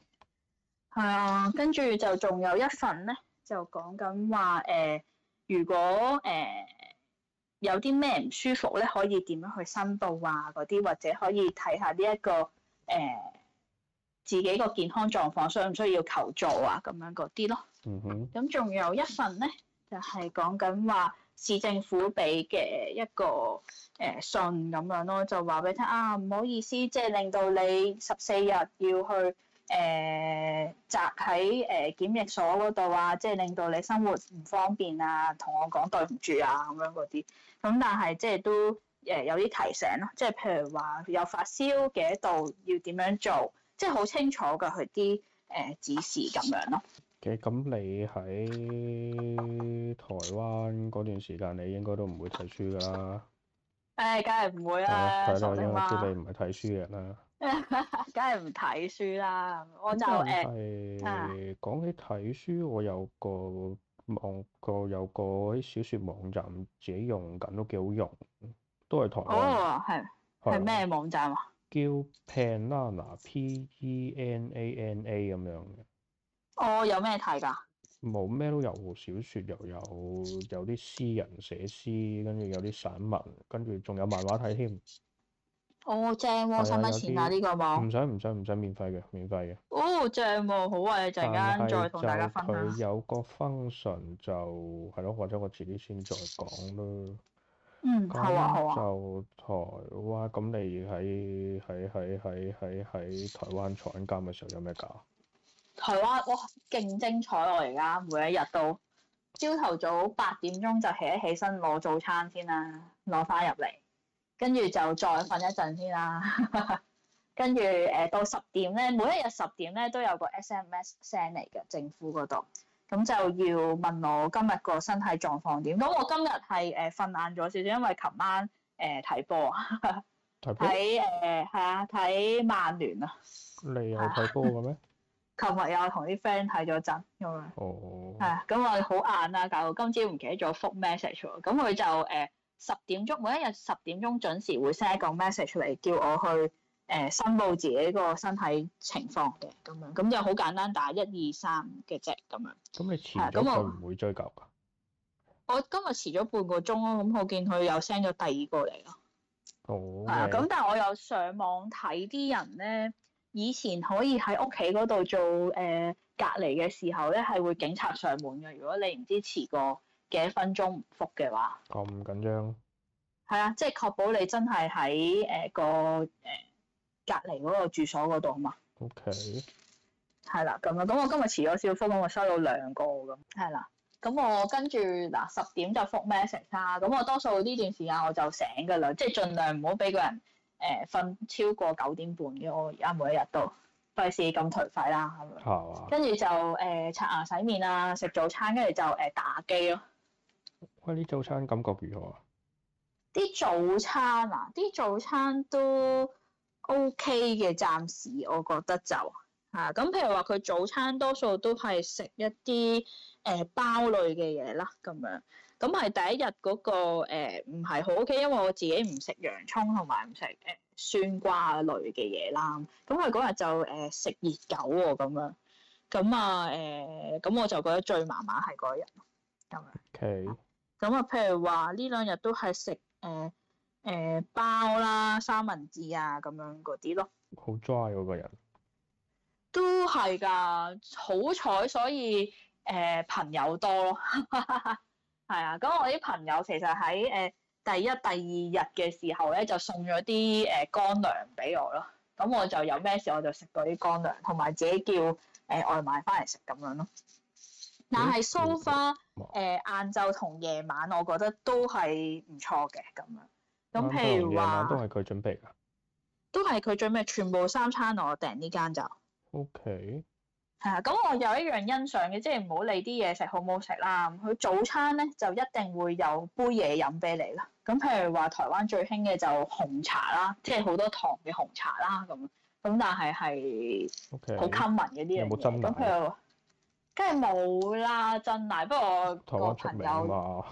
S2: 係啊。跟住就仲有一份咧，就講緊話誒，如果誒、呃、有啲咩唔舒服咧，可以點樣去申報啊？嗰啲或者可以睇下呢、這、一個誒、呃、自己個健康狀況，需唔需要求助啊？咁樣嗰啲咯。嗯哼。咁仲有一份咧，就係講緊話。市政府俾嘅一個誒信咁樣咯，就話俾你聽啊，唔好意思，即係令到你十四日要去誒宅喺誒檢疫所嗰度啊，即係令到你生活唔方便啊，同我講對唔住啊咁樣嗰啲，咁但係即係都誒有啲提醒咯，即係譬如話有發燒幾多度，要點樣做，即係好清楚㗎佢啲誒指示咁樣咯。
S1: 咁，你喺台灣嗰段時間，你應該都唔會睇書㗎啦。誒，
S2: 梗係唔會啦，傻媽。係啦，因為我知你
S1: 唔係睇書嘅人啦。
S2: 梗係唔睇書啦，我
S1: 就誒講起睇書，我有個網，個有個小説網站自己用緊，都幾好用，都係台
S2: 灣。哦，係咩網站啊？
S1: 叫 Penana P E N A N A 咁樣嘅。
S2: 哦，有咩
S1: 睇噶？冇咩都有，小說又有，有啲詩人寫詩，跟住有啲散文，跟住仲有漫畫睇添。
S2: 哦，正喎，使唔使錢啊？呢個網？
S1: 唔使唔使唔使，免費嘅，免費
S2: 嘅。哦，正喎，啊，好啊，陣間再同大家分享。佢有
S1: 個 function 就係咯，或者我自己先再講啦。
S2: 嗯，好啊，好啊。就
S1: 台哇，咁你喺喺喺喺喺喺台灣坐監嘅時候有咩搞？
S2: 台灣我勁精彩喎！而家每一日都朝頭早八點鐘就起一起身攞早餐先啦、啊，攞翻入嚟，跟住就再瞓一陣先啦、啊。跟住誒到十點咧，每一日十點咧都有個 S M S send 嚟嘅政府嗰度，咁就要問我今日個身體狀況點。咁我今日係誒瞓晏咗少少，因為琴晚誒睇波，睇誒係啊，睇、 呃、曼聯啊。
S1: 你有睇波嘅咩？
S2: 琴日又同啲 friend 睇咗陣咁樣，係啊，咁我哋好晏啦，搞到、哎、今朝唔記得咗復 message 喎。咁佢就誒十點鐘，每一日十點鐘準時會 send 一個 message 嚟叫我去誒、呃、申報自己個身體情況嘅咁樣，咁就好簡單，打一二三嘅啫咁樣。
S1: 咁你遲咗佢唔會追究㗎？
S2: 我今日遲咗半個鐘咯，咁我見佢又 send 咗第二個嚟咯。哦
S1: 嘞。係啊，咁但
S2: 係我有上網睇啲人咧。以前可以喺屋企嗰度做誒、呃、隔離嘅時候咧，係會警察上門嘅。如果你唔知遲過幾分鐘唔覆嘅話，
S1: 咁、哦、緊張。
S2: 係啊，即係確保你真係喺誒個誒、呃、隔離嗰個住所嗰度啊嘛。O K。係啦 Okay.，咁啦，咁我今日遲咗少少覆，咁我收到兩個咁。係啦，咁我跟住嗱十點就覆 message 啦。咁、啊、我多數呢段時間我就醒噶啦，即係盡量唔好俾個人。誒瞓、呃、超過九點半嘅，我而家每一日都費事咁頹廢啦咁
S1: 樣，跟
S2: 住、哦啊、就誒刷、呃、牙洗面啦、啊，食早餐，跟住就誒、呃、打機
S1: 咯。喂，啲早餐感覺如何啊？
S2: 啲早餐啊，啲早餐都 OK 嘅，暫時我覺得就嚇咁。啊、譬如話佢早餐多數都係食一啲誒、呃、包類嘅嘢啦，咁樣。咁係第一日嗰、嗰個唔係好 OK，因為我自己唔食洋葱同埋唔食誒酸瓜類嘅嘢啦。咁佢嗰日就誒食、呃、熱狗喎、哦、咁樣。咁啊誒，咁、嗯嗯、我就覺得最麻麻係嗰日。咁樣。O
S1: K。
S2: 咁啊，譬如話呢兩日都係食誒誒包啦、三文治啊咁樣嗰啲咯。
S1: 好 dry 嗰、啊嗰個人。
S2: 都係㗎，好彩所以誒、呃、朋友多咯。 係啊，咁我啲朋友其實喺誒、呃、第一、第二日嘅時候咧，就送咗啲誒乾糧俾我咯。咁我就有咩事我就食嗰啲乾糧，同埋自己叫誒、呃、外賣翻嚟食咁樣咯。但係 so far 誒，晏晝同夜晚，我覺得都係唔錯嘅咁樣。咁譬如話都
S1: 係佢準備㗎，
S2: 都係佢準備全部三餐，我訂呢間就。
S1: Okay.
S2: 係啊，咁我有一樣欣賞嘅，即係唔好理啲嘢食好唔好食啦，佢早餐咧就一定會有杯嘢飲俾你啦。咁譬如話台灣最興嘅就紅茶啦，即係好多糖嘅紅茶啦咁。咁但係係好 common 嘅啲嘢，咁佢又梗係冇啦，珍奶。不過我個朋友，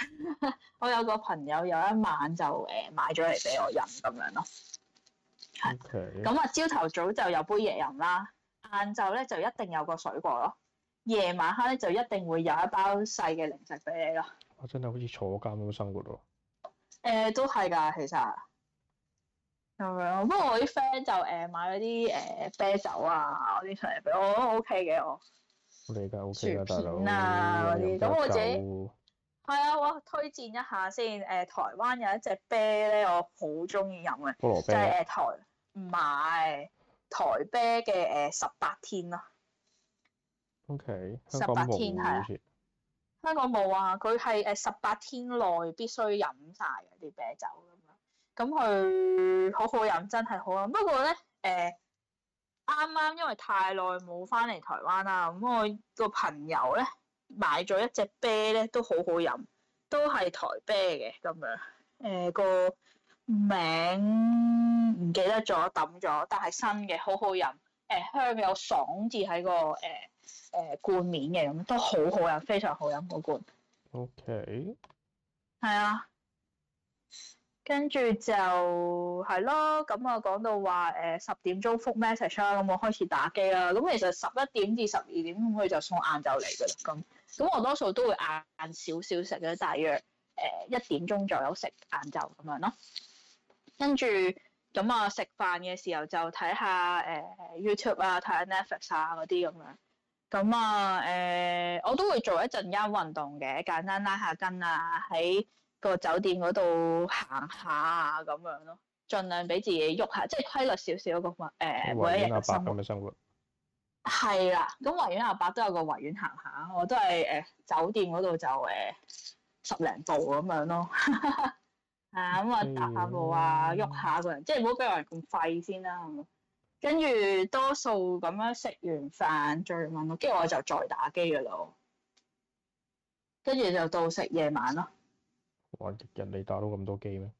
S2: 我有個朋友有一晚就誒買咗嚟俾我飲咁樣咯。咁 Okay.、嗯、啊，朝頭早就有杯嘢飲，飲啦。晏晝咧就一定有個水果咯，夜晚黑咧就一定會有一包細嘅零食俾你咯。
S1: 我真係好似坐監咁生活咯。
S2: 誒、呃，都係噶，其實咁樣。不過我啲 friend 就誒、呃、買啲誒、呃、啤酒啊，嗰啲出嚟俾我都 OK 嘅我。
S1: 我理解 OK 嘅、啊、大佬。嗱薯片啊，嗰啲。咁我自己
S2: 係、嗯、啊，我推薦一下先。誒、呃，台灣有一隻啤咧，我好中意飲嘅，即係誒台唔係。台啤嘅誒十八天咯，OK，十八天係，嗯、的香港冇啊，佢係誒十八天內必須飲曬啲啤酒咁樣，咁佢好好飲，真係好飲。不過咧誒，啱、呃、啱因為太耐冇翻嚟台灣啦，咁我個朋友咧買咗一隻啤咧都好好飲，都係台啤嘅咁樣，誒、呃、個名。唔記得咗抌咗，但係新嘅好、欸欸呃、好飲，誒香又爽，字喺個誒誒罐面嘅咁都好好飲，非常好飲個罐。OK，係啊，跟住就係咯。咁、嗯、我講到話誒十點鐘覆 message 啦，咁、嗯、我開始打機啦。咁、嗯、其實十一點至十二點，咁佢就送晏晝嚟嘅啦。咁咁、嗯嗯、我多數都會晏少少食嘅，大約誒一、呃、點鐘左右食晏晝咁樣咯，跟住。咁啊，食、嗯、飯嘅時候就睇下誒、呃、YouTube 啊，睇下 Netflix 啊嗰啲咁樣。咁、嗯、啊，誒、呃、我都會做一陣間運動嘅，簡單拉下筋啊，喺個酒店嗰度行下啊咁樣咯，盡量俾自己喐下，即係規律少少個、呃、維園阿伯咁嘅生活。係啦，咁維園阿伯都有個維園行下，我都係誒、呃、酒店嗰度就誒、呃、十零步咁樣咯。 啊咁啊，踏下步啊，喐 Hey. 下個人，即係唔好俾個人咁廢先啦。咁跟住多數咁樣食完飯再問我。跟住我就再打機噶啦。跟住就到食夜晚咯。
S1: 哇！人哋打到咁多機咩？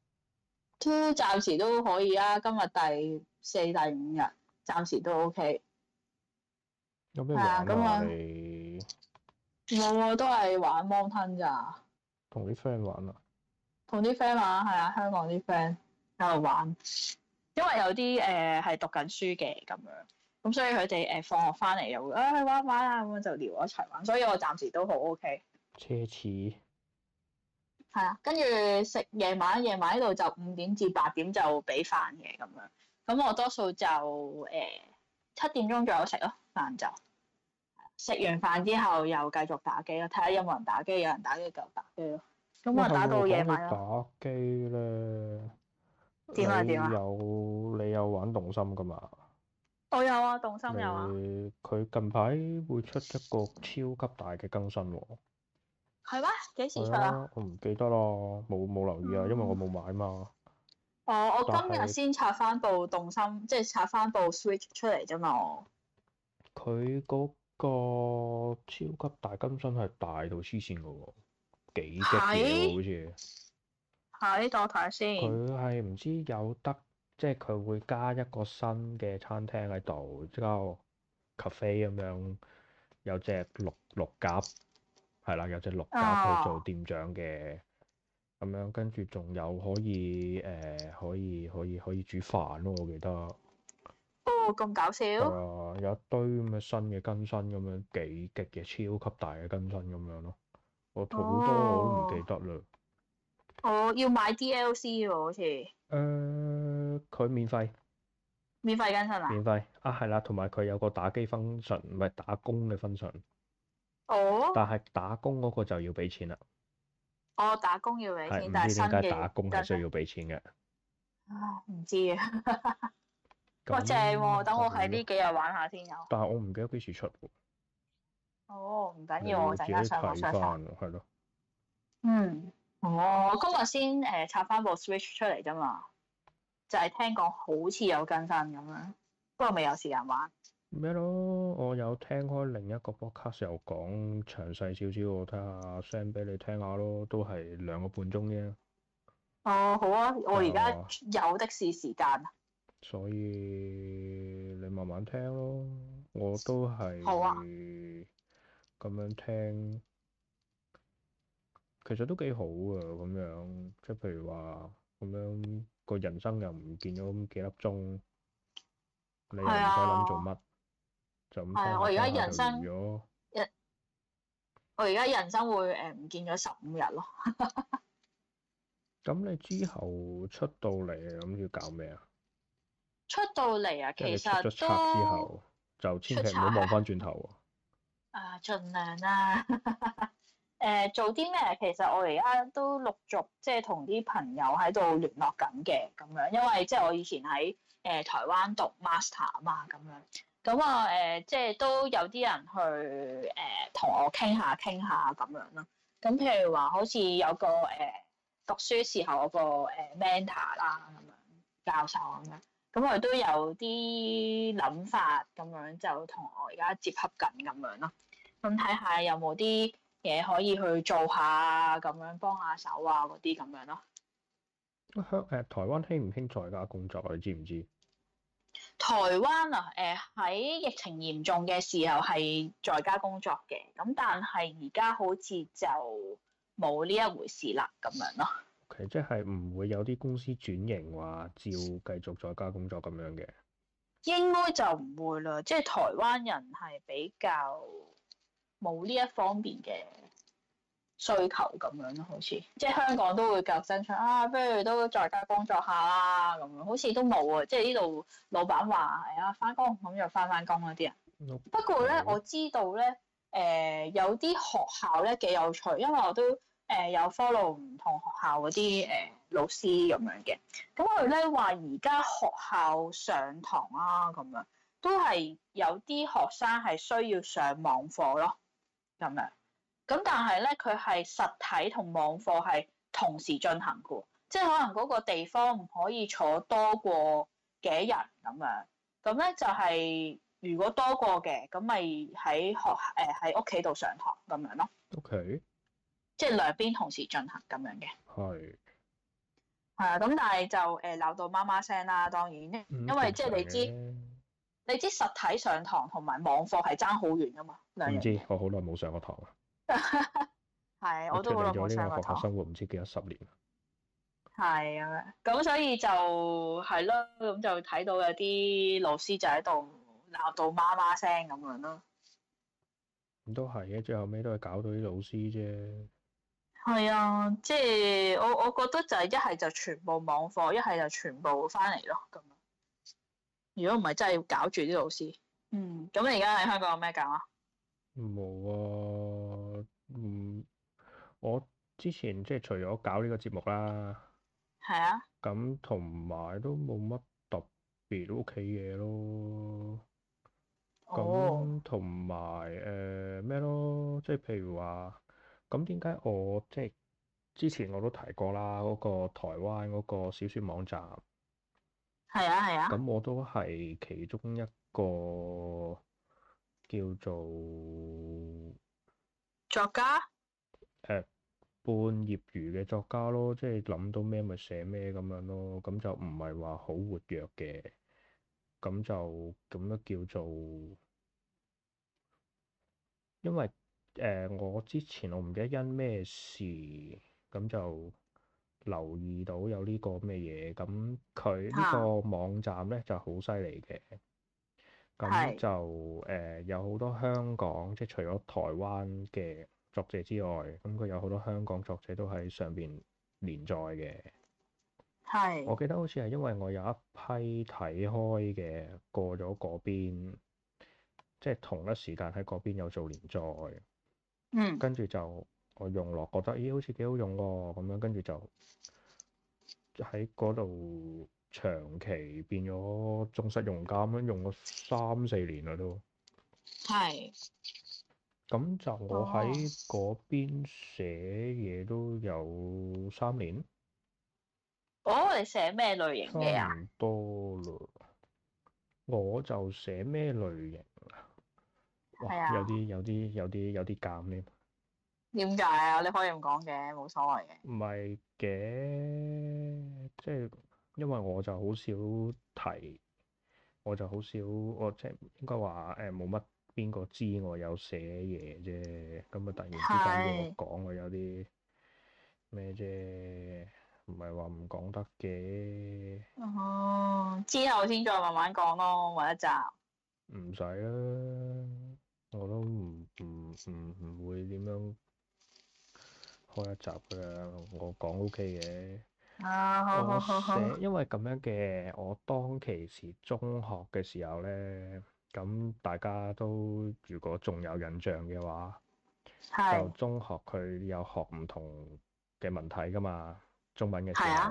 S2: 都、嗯、暫時都可以啊。今日第四第五日暫時都 OK。
S1: 有咩玩啊，啊，你啊？我
S2: 都係，我都係玩 mon 登咋。
S1: 同啲 friend 玩啊！
S2: 同啲 friend 玩，係啊，香港啲 friend 喺度玩，因為有啲誒係讀緊書嘅咁樣，咁所以佢哋誒放學翻嚟又啊去玩玩啊，咁樣就聊一齊玩，所以我暫時都好 OK。
S1: 奢侈
S2: 係啊，跟住食夜晚，夜晚呢度就五點至八點就俾飯嘅咁樣，咁我多數就誒七點鐘左右食咯飯，就食完飯之後又繼續打機咯，睇下有冇人打機，有人打機就打機咯。咁啊！打到夜晚啦～打
S1: 機咧，
S2: 點啊點啊！有
S1: 你有玩動森噶嘛？
S2: 我有啊，動森有
S1: 啊。佢近排會出一個超級大嘅更新喎。
S2: 係咩？幾時出啊？我
S1: 唔記得啦，冇冇留意啊，嗯、因為我冇買嘛。
S2: 哦，我今日是先拆翻部動森，即係拆翻部 Switch 出嚟啫嘛。
S1: 佢嗰個超級大更新係大到黐線噶喎！幾隻嘢
S2: 啊？好似喺，等我睇先。佢
S1: 係唔知有得，即係佢會加一個新嘅餐廳喺度，即係 cafe 咁樣，有隻綠綠夾，係啦，有隻綠夾去做店長嘅，咁、啊、樣跟住仲有可以誒、呃，可以可以可以，可以煮飯咯、啊，我記得。
S2: 哦，咁搞笑、呃。
S1: 有一堆咁嘅新嘅更新咁樣，幾激嘅，超級大嘅更新咁樣咯。我好多、哦、我都唔記得嘞。
S2: 我要買 DLC 喎，好似。
S1: 誒、呃，佢免費。
S2: 免費更新免
S1: 費啊？免費啊，係啦，同埋佢有個打機 function，唔係打工嘅 function。
S2: 哦。但
S1: 係打工嗰個就要俾錢啦。
S2: 哦，打工要俾錢，但係新嘅。唔知點解打工係需要俾錢嘅。啊，唔知 哇這樣 啊。咁正喎，等我喺呢幾日玩下先
S1: 有。但係我唔記得幾時出。
S2: 哦，唔緊要看看，我陣間上網上查，係咯了。嗯，哦，今日先誒拆翻部 Switch 出嚟啫嘛，就係、是、聽講好似有更新咁樣，不過未有時間玩。
S1: 咩咯？我有聽開另一個 Podcast 又講詳細少少，我睇下 send 俾你聽下咯，都係兩個半鐘啫。
S2: 哦，好啊，我而家有的是時間，嗯、
S1: 所以你慢慢聽咯，我都係。好啊。咁樣聽，其實都幾好啊！咁樣即係譬如話，咁樣個人生又唔見咗咁幾粒鐘，你唔使諗做乜，啊、就咁聽。係、啊、我而家人生咗一，
S2: 我而家人生會誒唔見咗十五日咯。
S1: 咁 你之後出到嚟咁要搞咩啊？
S2: 出到嚟啊，其實都出差之後都
S1: 就千祈唔好望翻轉頭、啊。
S2: 啊，盡量啦、啊。誒、 呃，做啲咩？其實我而家都陸續即係同啲朋友喺度聯絡緊嘅，咁樣，因為即係、就是、我以前喺誒、呃、台灣讀 master 啊嘛，咁樣，咁啊誒，即、呃、係、就是、都有啲人去誒同、呃、我傾下傾下咁樣啦。咁譬如話，好似有個誒、呃、讀書時候嗰個誒、呃、mentor 啦，咁樣教授咁樣。咁我都有啲諗法，咁樣就同我而家接洽緊咁樣咯。咁睇下有冇啲嘢可以去做下，咁樣幫下手啊嗰啲咁樣咯。
S1: 誒，台灣興唔興在家工作啊？你知唔知？
S2: 台灣啊，誒、欸、喺疫情嚴重嘅時候係在家工作嘅，咁但係而家好似就冇呢一回事啦，咁樣咯。
S1: 即係唔會有啲公司轉型話照繼續在家工作咁樣嘅，
S2: 應該就唔會啦。即係台灣人係比較冇呢一方面嘅需求咁樣咯，好似即係香港都會夾生出啊，不如都在家工作下啦咁樣，好似都冇啊。即係呢度老闆話係啊，翻工咁就翻翻工嗰啲啊。人 no, 不過咧，no. 我知道咧，誒、呃，有啲學校咧幾有趣，因為我都。誒有 follow 唔同學校嗰啲誒老師咁樣嘅，咁佢咧話而家學校上堂啊，咁樣都係有啲學生係需要上網課咯，咁樣。咁但係咧，佢係實體同網課係同時進行嘅，即係可能嗰個地方唔可以坐多過幾人咁樣。咁咧就係、是、如果多過嘅，咁咪喺學誒喺屋企度上堂咁樣咯。OK。即係兩邊同時進行咁樣嘅，係係是啊。咁但係就誒、呃、鬧到媽媽聲啦。當然，因為即係你知你知實體上堂同埋網課係爭好遠噶嘛。兩樣
S1: 我好耐冇上過堂，係我都
S2: 好耐冇上過堂。退出咗呢個學校生
S1: 活唔知幾多十年。
S2: 係啊，咁所以就係咯，咁就睇到有啲老師就喺度鬧到媽媽聲咁樣咯。咁
S1: 都係嘅，最後尾都係搞到啲老師啫。
S2: 係啊，即係我，我覺得就係一係就全部網課，一係就全部翻嚟咯。咁如果唔係，真係要搞住啲老師。嗯，咁你而家喺香港有咩搞啊？
S1: 冇啊，嗯，我之前即係除咗搞呢個節目啦，
S2: 係啊，
S1: 咁同埋都冇乜特別屋企嘢咯。
S2: 哦，咁
S1: 同埋誒咩咯？即係譬如話。咁點解我即係之前我都提過啦，嗰個台灣嗰個小說網站，
S2: 係啊係啊。
S1: 咁我都係其中一個叫做作家，誒半業餘嘅作家咯，即係諗到咩咪寫咩咁樣咯，咁就唔係話好活躍嘅，咁就咁樣叫做因為。誒、呃，我之前我唔記得因咩事，咁就留意到有呢個咩嘢，咁佢呢個網站咧、啊、就好犀利嘅，咁就誒是、呃、有好多香港，即係除咗台灣嘅作者之外，咁佢有好多香港作者都喺上邊連載嘅。
S2: 係是。我記
S1: 得好似係因為我有一批睇開嘅，過咗嗰邊，即係同一時間喺嗰邊有做連載。嗯，跟住就我用落，覺得咦好似幾好用喎，咁樣跟住就喺嗰度長期變咗，仲實用㗎，用咗三四年啦都。
S2: 係是。
S1: 咁就我喺嗰邊寫嘢都有三年。
S2: 我、哦、你寫咩類型嘢
S1: 唔多嘞，我就寫咩類型有啲有啲有啲有啲減添，
S2: 點解啊？你可以唔講嘅，冇所
S1: 謂嘅。唔係嘅，即係因為我就好少提，我就好少，我即係應該話誒冇乜邊個知我有寫嘢啫。咁啊，突然之間叫我講啊，是有啲咩啫？唔係話唔講得嘅。哦、嗯，
S2: 之後先再慢慢講咯，下一集。
S1: 唔使啦。我都唔唔唔唔會點樣開一集㗎，我講 O K 嘅。啊，
S2: 好好好。我寫，因
S1: 為咁樣嘅，我當其時中學嘅時候咧，咁大家都如果仲有印象嘅話，
S2: 的就
S1: 中學佢有學唔同嘅文體㗎嘛，中文嘅時候。係啊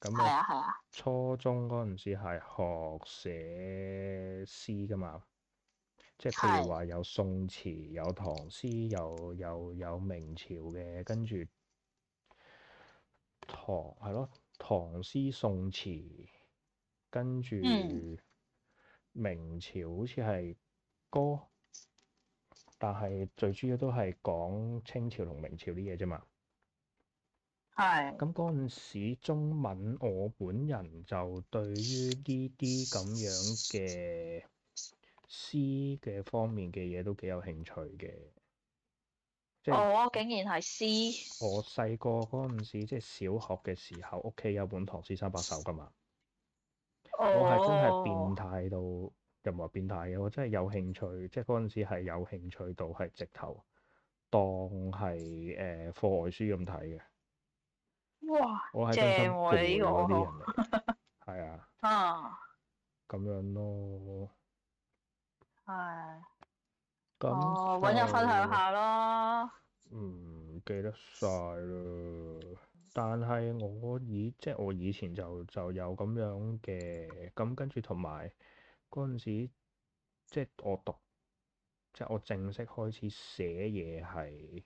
S1: 的。咁啊，初中嗰陣時係學寫詩㗎嘛。即係譬如話有宋詞，有唐詩，又又有，有明朝嘅，跟住唐係咯，唐詩宋詞，跟住、嗯、明朝好似係歌，但係最主要都係講清朝同明朝啲嘢啫嘛。
S2: 係、
S1: 嗯。咁嗰陣時中文，我本人就對於呢啲咁樣嘅詩嘅方面嘅嘢，都幾有興趣嘅，即係我、oh,
S2: 竟然係詩。
S1: 我細個嗰陣時，即係小學嘅時候，屋企、就是、有本《唐詩三百首》噶嘛。
S2: Oh. 我係真係變
S1: 態到又唔話變態嘅，我真係有興趣，即係嗰陣時係有興趣到係直頭當係誒課外書咁睇
S2: 嘅。哇！借我哋啲人係啊，這
S1: 個、 啊咁、 啊、樣咯。係咁，揾日分享下咯。唔記得晒啦，但係我以即係我以前就就有咁樣嘅。咁跟住同埋嗰陣時，即係我讀，即係我正式開始寫嘢係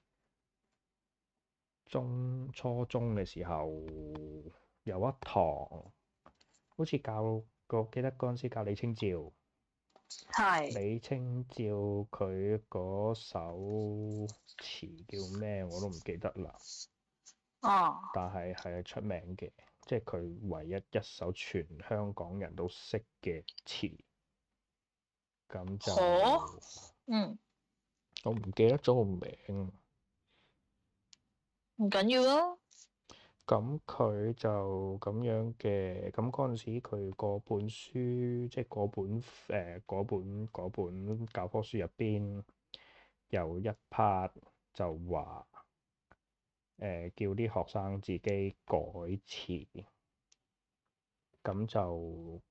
S1: 中初中嘅時候，有一堂好似教個，記得嗰陣時教李清照。係 Hi. 李清照佢嗰首詞叫咩？我都唔記得啦。哦。Oh. 但係係出名嘅，即係佢唯一一首全香港人都識嘅詞。咁就。嗯。
S2: Oh? Mm.
S1: 我唔記得咗個名。唔緊要啊。咁佢就咁樣嘅，咁嗰陣時佢嗰本書，即係嗰本誒嗰、呃、本嗰本教科書入邊，有一 part 就話誒、呃、叫啲學生自己改詞，咁就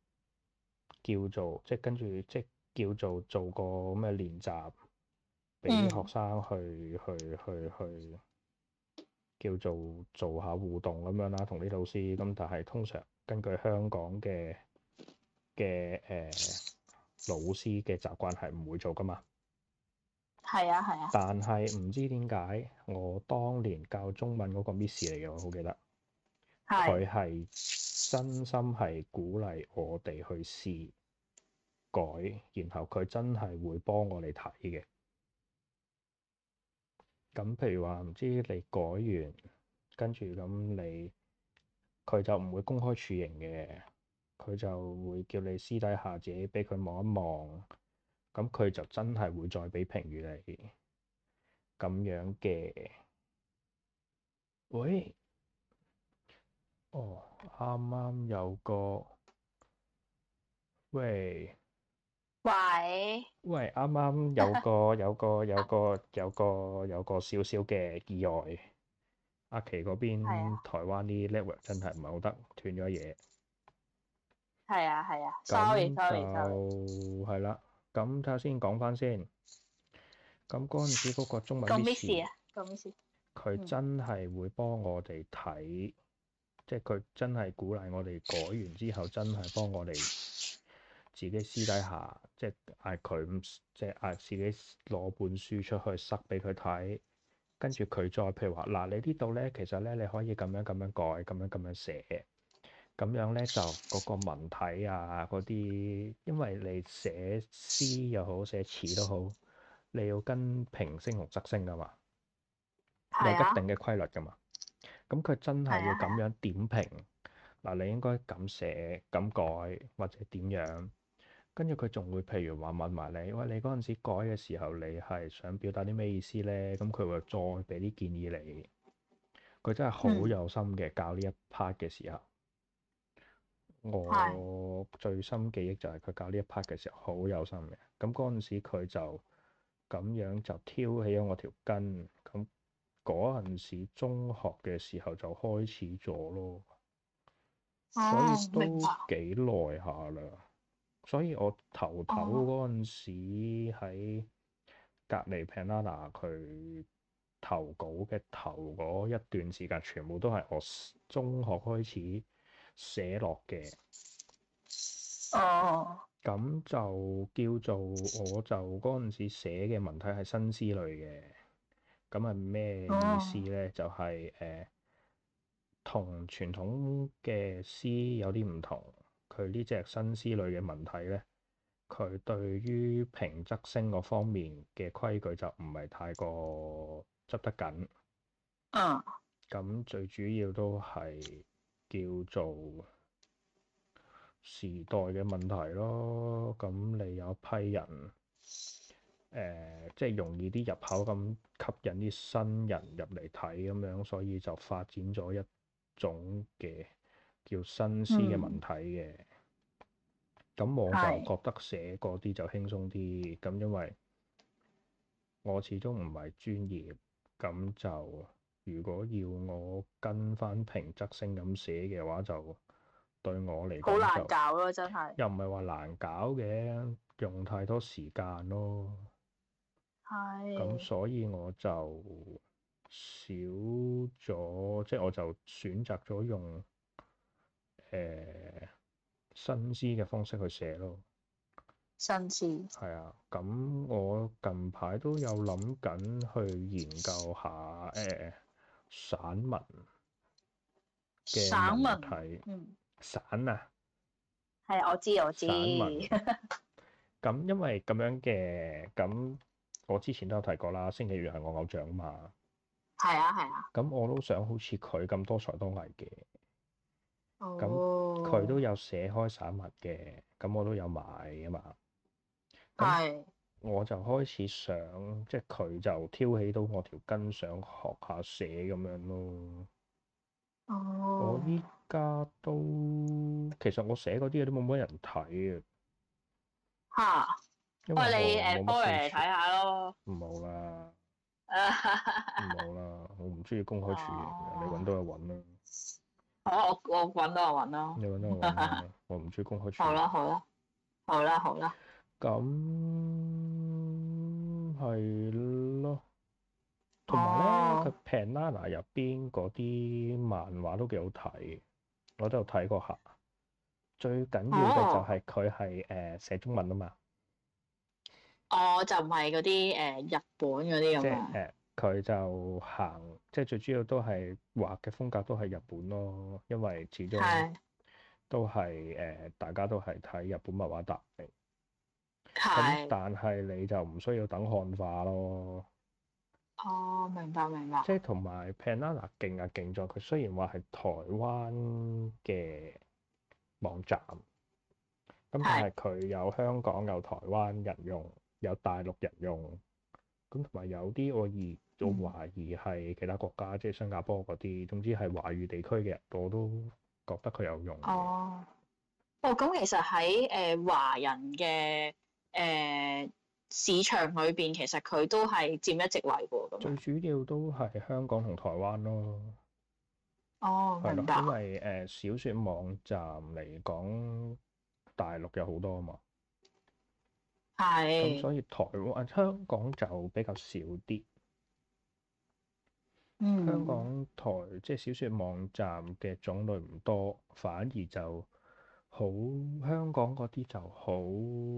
S1: 叫做即係跟住即係叫做做個咩練習，
S2: 俾
S1: 學生去去去、嗯、去。去去去叫做做下互動咁樣啦，同啲老師，咁但係通常根據香港嘅嘅誒老師嘅習慣係唔會做㗎嘛。
S2: 係啊，係啊。
S1: 但係唔知點解，我當年教中文嗰個 Miss 嚟嘅，我好記得，
S2: 佢
S1: 係是真心係鼓勵我哋去試改，然後佢真係會幫我哋睇嘅。咁譬如話，唔知你改完，跟住咁你，佢就唔會公開處刑嘅，佢就會叫你私底下自己畀佢望一望，咁佢就真係會再畀評語你，咁樣嘅。喂！哦，啱啱有個，喂。
S2: 喂
S1: 喂，啱啱有個有個有個有個有個小小嘅意外，阿琪嗰邊台灣啲 network 真係唔係好得，斷咗嘢。
S2: 係啊係啊。咁、Sorry Sorry、就
S1: 係啦。咁睇下先講翻先。咁嗰陣時嗰個中文 Miss 啊 Miss 佢真係會幫我哋睇，嗯、即係佢真係鼓勵我哋改完之後，真係幫我哋自己私底下。即係嗌佢，即係嗌自己攞本書出去塞俾佢睇，跟住佢再譬如話嗱、啊，你呢度咧，其實咧你可以咁樣咁樣改，咁樣咁樣寫，咁樣咧就嗰個文體啊，嗰啲因為你寫詩又好寫詞都好，你要跟平聲同仄聲噶嘛，有一定嘅規律噶嘛。咁佢真係要咁樣點評嗱、啊，你應該咁寫咁改或者點樣？跟住佢仲會，譬如話問埋你，喂，你嗰陣時改嘅時候，你係想表達啲咩意思呢？咁佢會再俾啲建議你。佢真係好有心嘅，嗯、教呢一 part 嘅時候，我最深記憶就係佢教呢一 part 嘅時候好有心嘅。咁嗰陣時佢就咁樣就挑起咗我條筋。咁嗰陣時中學嘅時候就開始咗咯，
S2: 所以都
S1: 幾耐下啦。所以我頭頭嗰陣時喺隔離 Penana 佢投稿嘅頭嗰一段時間，全部都係我中學開始寫落嘅。
S2: 哦。
S1: 咁就叫做我就嗰陣時寫嘅文體係新詩類嘅。咁係咩意思咧？Oh. 就係、是、誒，同、呃、傳統嘅詩有啲唔同。佢呢隻新思類嘅問題咧，佢對於平質升嗰方面嘅規矩就唔係太過執得緊。
S2: 嗯。
S1: 咁最主要都係叫做時代嘅問題咯。咁你有一批人，誒、呃，即係容易啲入口咁吸引啲新人入嚟睇咁樣，所以就發展咗一種嘅，叫新詩嘅文體嘅，咁、嗯、我就覺得寫嗰啲就輕鬆啲。咁是因為我始終唔係專業，咁就如果要我跟翻平仄聲咁寫嘅話，就對我嚟講就好難搞
S2: 咯、啊，真
S1: 係又唔係話難搞嘅，用太多時間咯。
S2: 係咁是，
S1: 所以我就少咗，即、就、係、是、我就選擇咗用。誒、呃，新詩嘅方式去寫咯。新詩次係啊，咁我近排都有諗緊去研究下誒、呃，散文嘅文，文？題、
S2: 嗯，散啊，係我知我知。散
S1: 咁文 因為咁樣嘅，咁我之前都有提過啦，星期月係我偶像嘛。
S2: 係啊係啊。
S1: 咁、啊、我都想好似佢咁多才多藝嘅。
S2: 咁佢都
S1: 有寫開散文嘅，咁我都有買啊嘛。
S2: 係。
S1: 我就開始想，是即係佢就挑起到我條筋，想學下寫咁樣咯。哦。
S2: 我依
S1: 家都其實我寫嗰啲嘢都冇乜人睇哈啊。吓？因為你誒 f 嚟睇下咯。唔好啦。唔好 啦，我唔中意公開處刑嘅，你揾都係揾啦。
S2: 好，我我揾到啦揾啦。你揾啦揾啦，我唔
S1: 中意公開傳。好啦好啦好啦好啦。咁係咯，同埋咧，佢 Penana 入邊嗰啲漫畫都幾好睇，我都有睇過下。最緊要嘅就係佢係誒寫中文啊嘛。哦，就唔係嗰啲誒
S2: 日本嗰啲咁啊。就是
S1: 呃佢就行，即係最主要都係畫嘅風格都係日本咯，因為始終都係誒的、呃，大家都係睇日本漫畫達。係的。咁但係你就唔需要等漢化咯。
S2: 哦，明白明白。即係
S1: 同埋 Penana 勁啊勁咗。佢雖然話係台灣嘅網站，咁但係佢有香港有台灣人用，有大陸人用，咁同埋有啲我而。都懷疑係其他國家，即係新加坡嗰啲，總之係華語地區嘅，我都覺得佢有用。
S2: 哦，哦，咁其實喺誒、呃、華人嘅誒、呃、市場裏邊，其實佢都係佔一席位嘅咁。最
S1: 主要都係香港同台灣咯。
S2: 哦，明白。因為
S1: 誒、呃、小説網站嚟講，大陸有好多啊嘛。
S2: 係。咁所
S1: 以台灣、香港就比較少啲。嗯、香港台即係、就是、小説網站嘅種類唔多，反而就好香港嗰啲就好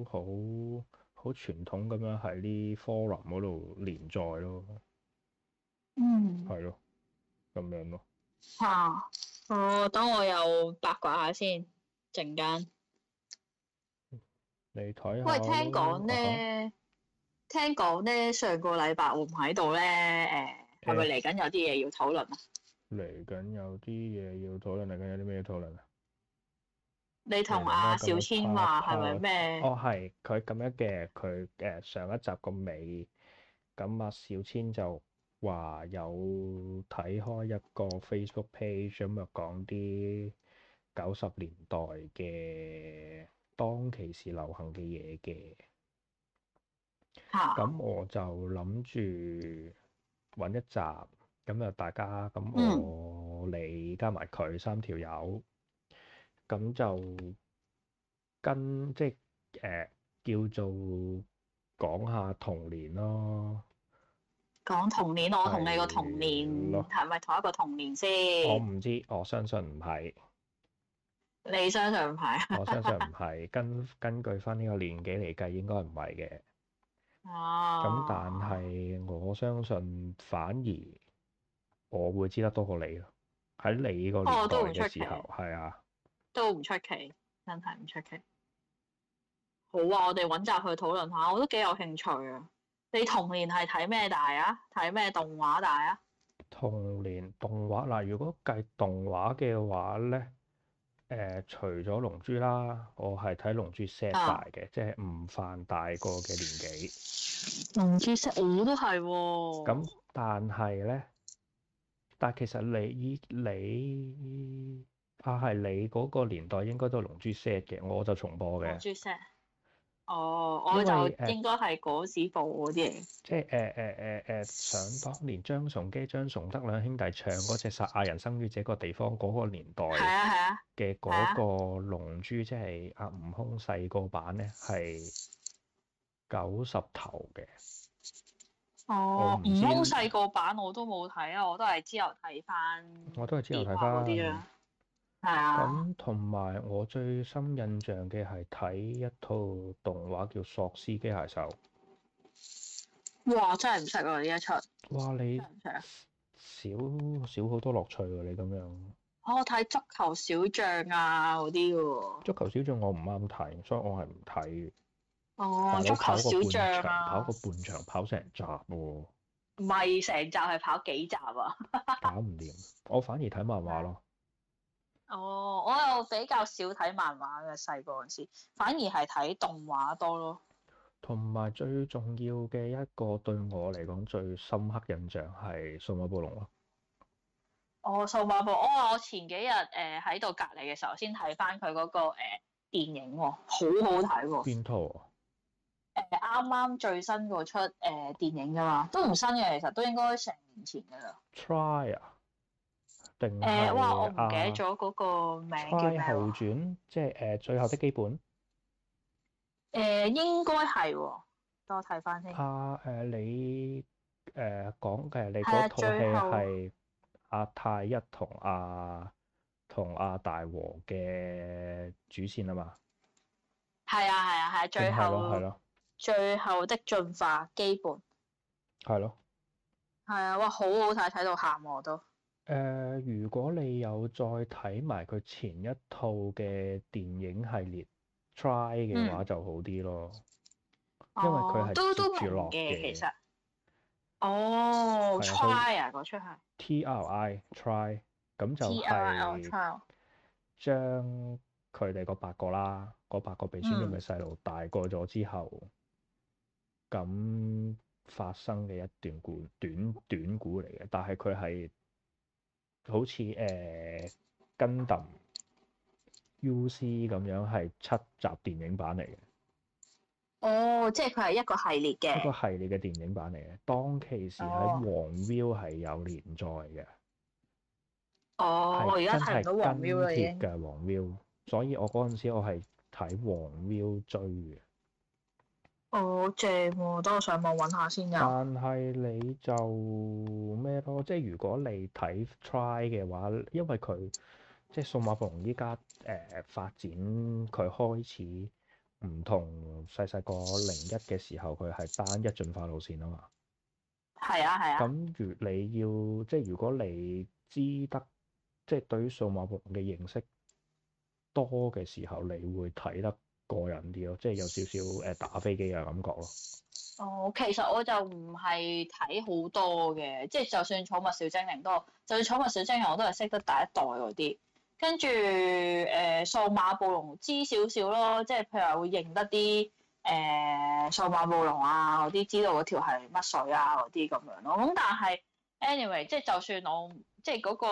S1: 好好傳統咁樣喺啲科 o 嗰度連載咯，
S2: 嗯，
S1: 係咯，咁樣咯，
S2: 吓哦、啊，我等我又八卦下先，陣間
S1: 你睇下，喂，聽講咧、
S2: 啊，聽講咧，上個禮拜我唔喺度咧，誒、呃。係咪
S1: 嚟緊有啲嘢要討論啊？嚟緊有啲嘢要討論，嚟緊有
S2: 啲咩要討論啊？論你同跟阿、欸、小千話係咪咩？哦，
S1: 係佢咁樣嘅，佢誒上一集個尾，咁阿小千就話有睇開一個 Facebook page 咁啊，講啲九十年代嘅當其時流行嘅嘢嘅。嚇、啊！咁我就諗住。搵一集，咁又大家，咁我你加埋佢三條友，咁、嗯、就跟即係誒、呃、叫做講下童年咯。
S2: 講童年，我同你個童年係咪咯同一個童年先？我
S1: 唔知，我相信唔係。
S2: 你相信唔係？ 我相
S1: 信唔係，根根據翻呢個年紀嚟計，應該唔係嘅。哦，咁、啊、但係我相信，反而我會知得多過你咯。喺你個年代嘅時候，係、哦、啊，
S2: 都唔出奇，真係唔出奇。好啊，我哋搵集去討論下，我都幾有興趣啊。你童年係睇咩大啊？睇咩動畫大啊？
S1: 童年動畫嗱、呃，如果計動畫嘅話咧，誒、呃，除咗龍珠啦，我係睇龍珠 set 大嘅，啊、即係唔犯大個嘅年紀。
S2: 龍珠 set 我都係喎，咁
S1: 但係咧，但係其實你以你，怕、啊、係你嗰個年代應該都係龍珠 set 嘅，我就重播嘅。龍珠
S2: set，哦，為我就應該係嗰時播嗰啲嘢。
S1: 即係誒誒誒誒，想當年張崇基、張崇德兩兄弟唱嗰隻《撒亞人生於這個地方》嗰個年代，係啊係啊嘅嗰個龍珠，啊啊啊、即係阿悟空細個版咧，係。九十頭嘅，
S2: 哦，唔好細個版我都冇睇啊，我都係之後睇翻。
S1: 我都係之後睇翻。係啊、嗯。
S2: 咁
S1: 同埋我最深印象嘅係睇一套動畫叫《索斯機械獸》
S2: 嘩。哇，真係唔識呢
S1: 一出。哇，你少少好多樂趣喎！你咁樣。
S2: 哦、我睇足球小將啊，嗰啲喎。
S1: 足球小將我唔啱睇，所以我係唔睇。
S2: 哦，足球小將啊！跑個
S1: 半場，跑成集喎。哦。
S2: 唔係成集係跑幾集啊？跑
S1: 唔掂，我反而睇漫畫咯。
S2: 哦，我又比較少睇漫畫嘅，細個嗰陣時，反而係睇動畫多咯。
S1: 同埋最重要嘅一個對我嚟講最深刻印象係數碼暴龍咯。
S2: 哦，數碼暴！我我前幾日誒喺度隔離嘅時候先睇翻佢嗰個誒、呃、電影喎，好好睇喎。邊套啊？誒啱啱最新嗰出誒、呃、電影㗎嘛，都唔新嘅，其實都應該成年
S1: 前㗎啦。Try 啊？定誒、呃、哇！我唔記得咗
S2: 嗰個名叫咩、啊？《軼號
S1: 傳》，即係誒最後的基本。
S2: 誒、呃、應該係喎，等我睇翻先。
S1: 啊誒、呃，你誒講嘅你嗰套戲係阿太一同阿同阿大和嘅主線啊嘛？
S2: 係啊，係啊，係最後。咯、啊，係咯、啊。最後的進化，基本係咯，係啊的、 哎！哇，好好睇，睇到喊我都。
S1: 誒、呃，如果你有再睇埋佢前一套嘅電影系列《Try、嗯》嘅話，就好啲咯，
S2: 因為佢係續落嘅、哦。其實哦，《Try》啊，嗰出係。
S1: T R I Try 咁就 TRI Try》。將佢哋嗰八個啦，嗰八個被選中嘅細路大個咗之後。嗯咁發生嘅一段故短短故嚟嘅，但係佢係好似誒《Gundam UC》咁樣，係七集電影版嚟嘅。
S2: 哦，即係佢係一個系列嘅一個
S1: 系列嘅電影版嚟嘅。當其時喺《黃喵》係有連載嘅。哦，
S2: 我而家睇唔到《黃喵》啦已經。嘅
S1: 《黃喵》，所以我嗰陣時我係睇《黃喵》追嘅。
S2: 哦，好正喎，哦！等我上網揾下先啊。但係
S1: 你就咩咯？即係如果你睇 try 嘅話，因為佢即係數碼暴龍依家誒發展，佢開始唔同細細個零一嘅時候，佢係單一進化路線啊嘛。
S2: 係啊，係啊。咁
S1: 如果你要即係如果你知得，即係對於數碼暴龍嘅認識多嘅時候，你會睇得個人啲咯，即係有少少誒打飛機嘅感覺咯。
S2: 哦，其實我就唔係睇好多嘅，即係就算《寵物小精靈》都，就算《寵物小精靈》呃小小小呃啊，我都係識得第一代嗰啲。跟住誒，數碼暴龍知少少咯，即係譬如話會認得啲誒數碼暴龍啊，嗰啲知道嗰條係乜水啊，嗰啲咁樣咯。咁但係 anyway，即係就算我即係嗰、嗰個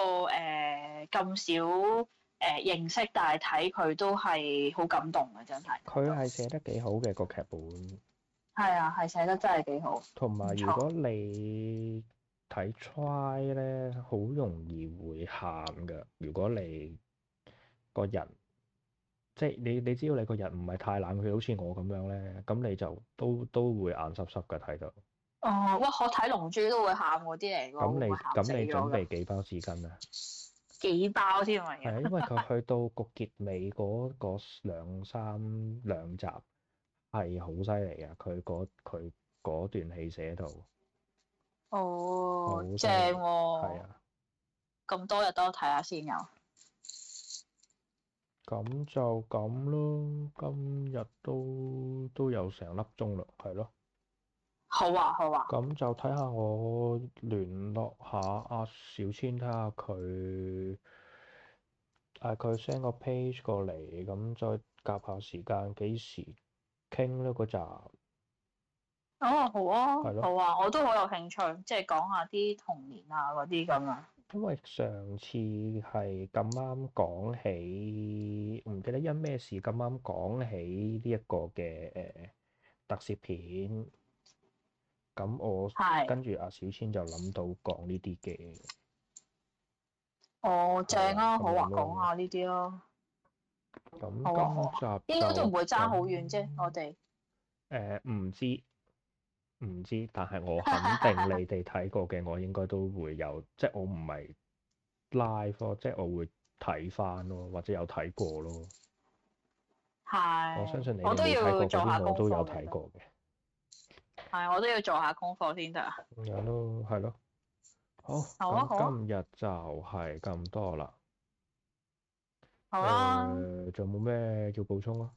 S2: 咁少。呃誒、呃、認識，但係睇佢都係好感動嘅，真係。
S1: 佢係寫得幾好嘅 個劇本。
S2: 係啊，係寫得真係幾好。
S1: 同埋有錯如果你睇 Try 咧，好容易會喊㗎。如果你個人即係你，你只要你個人唔係太冷血，好似我咁樣咧，咁你就都都會眼濕濕嘅睇到。
S2: 哦，哇！我睇龍珠都會喊你我啲嚟。我咁你咁你準備
S1: 幾包紙巾啊？
S2: 幾包添啊！ 因為佢
S1: 去到局結尾嗰兩三兩集係好犀利嘅，佢嗰佢嗰段戲寫到
S2: 哦，正喎，係啊，咁、啊、多日都睇下先有，
S1: 咁就咁咯。今日都都有成粒鐘啦，係咯。好啊，好啊。咁、嗯、就睇下我聯絡下阿、啊、小千，睇下佢大概 send 個 page 過嚟，咁、嗯、再夾下時間，幾時傾呢嗰集？
S2: 哦，好啊。係咯。好啊，我都好有興趣，即係講下啲童年啊嗰啲咁啊。
S1: 因為上次係咁啱講起，唔記得因咩事咁啱講起呢一個嘅誒、呃、特攝片。咁我是跟住阿小千就諗到講呢啲嘅，
S2: 哦是正啊，好話啊，講下呢啲咯。
S1: 咁今集就應該都唔會差好
S2: 遠啫，我哋。
S1: 誒唔、呃、知唔知，但係我肯定你哋睇過嘅，我應該都會有， 即係我唔係 live 咯、啊，即係我會睇翻咯，或者有睇過咯。
S2: 係是。我相信你哋有睇過我，我
S1: 都有睇過嘅。
S2: 係，我都要做下功課先得。咁
S1: 樣咯，係咯，好。好啊，好啊。今日就係咁多啦。好啊。誒，仲有冇咩要補充呀？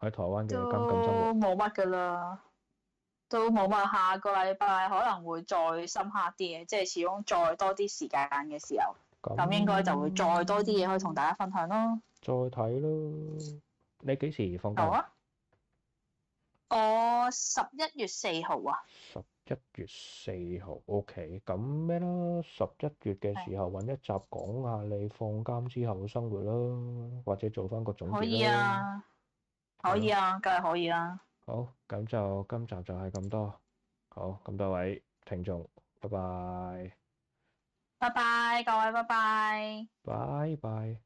S1: 喺台灣嘅隔離生活。都
S2: 冇乜㗎啦。都冇乜，下個禮拜可能會再深刻啲嘅，即係始終再多啲時間嘅時候，咁應該就會再多啲嘢可以同大家分享咯。
S1: 再睇咯。你幾時放假？好啊。
S2: 我
S1: 十一月四號啊，十一月四號，OK，咁咩咯？十一月嘅時候揾一集講下你放監之後嘅生活咯，或者做翻個總結咯，可以啊，可以啊，梗
S2: 係、嗯、可以啦、
S1: 啊。好，咁就今集就係咁多，好，咁多位聽眾，拜拜，
S2: 拜拜，各位拜拜，
S1: 拜拜。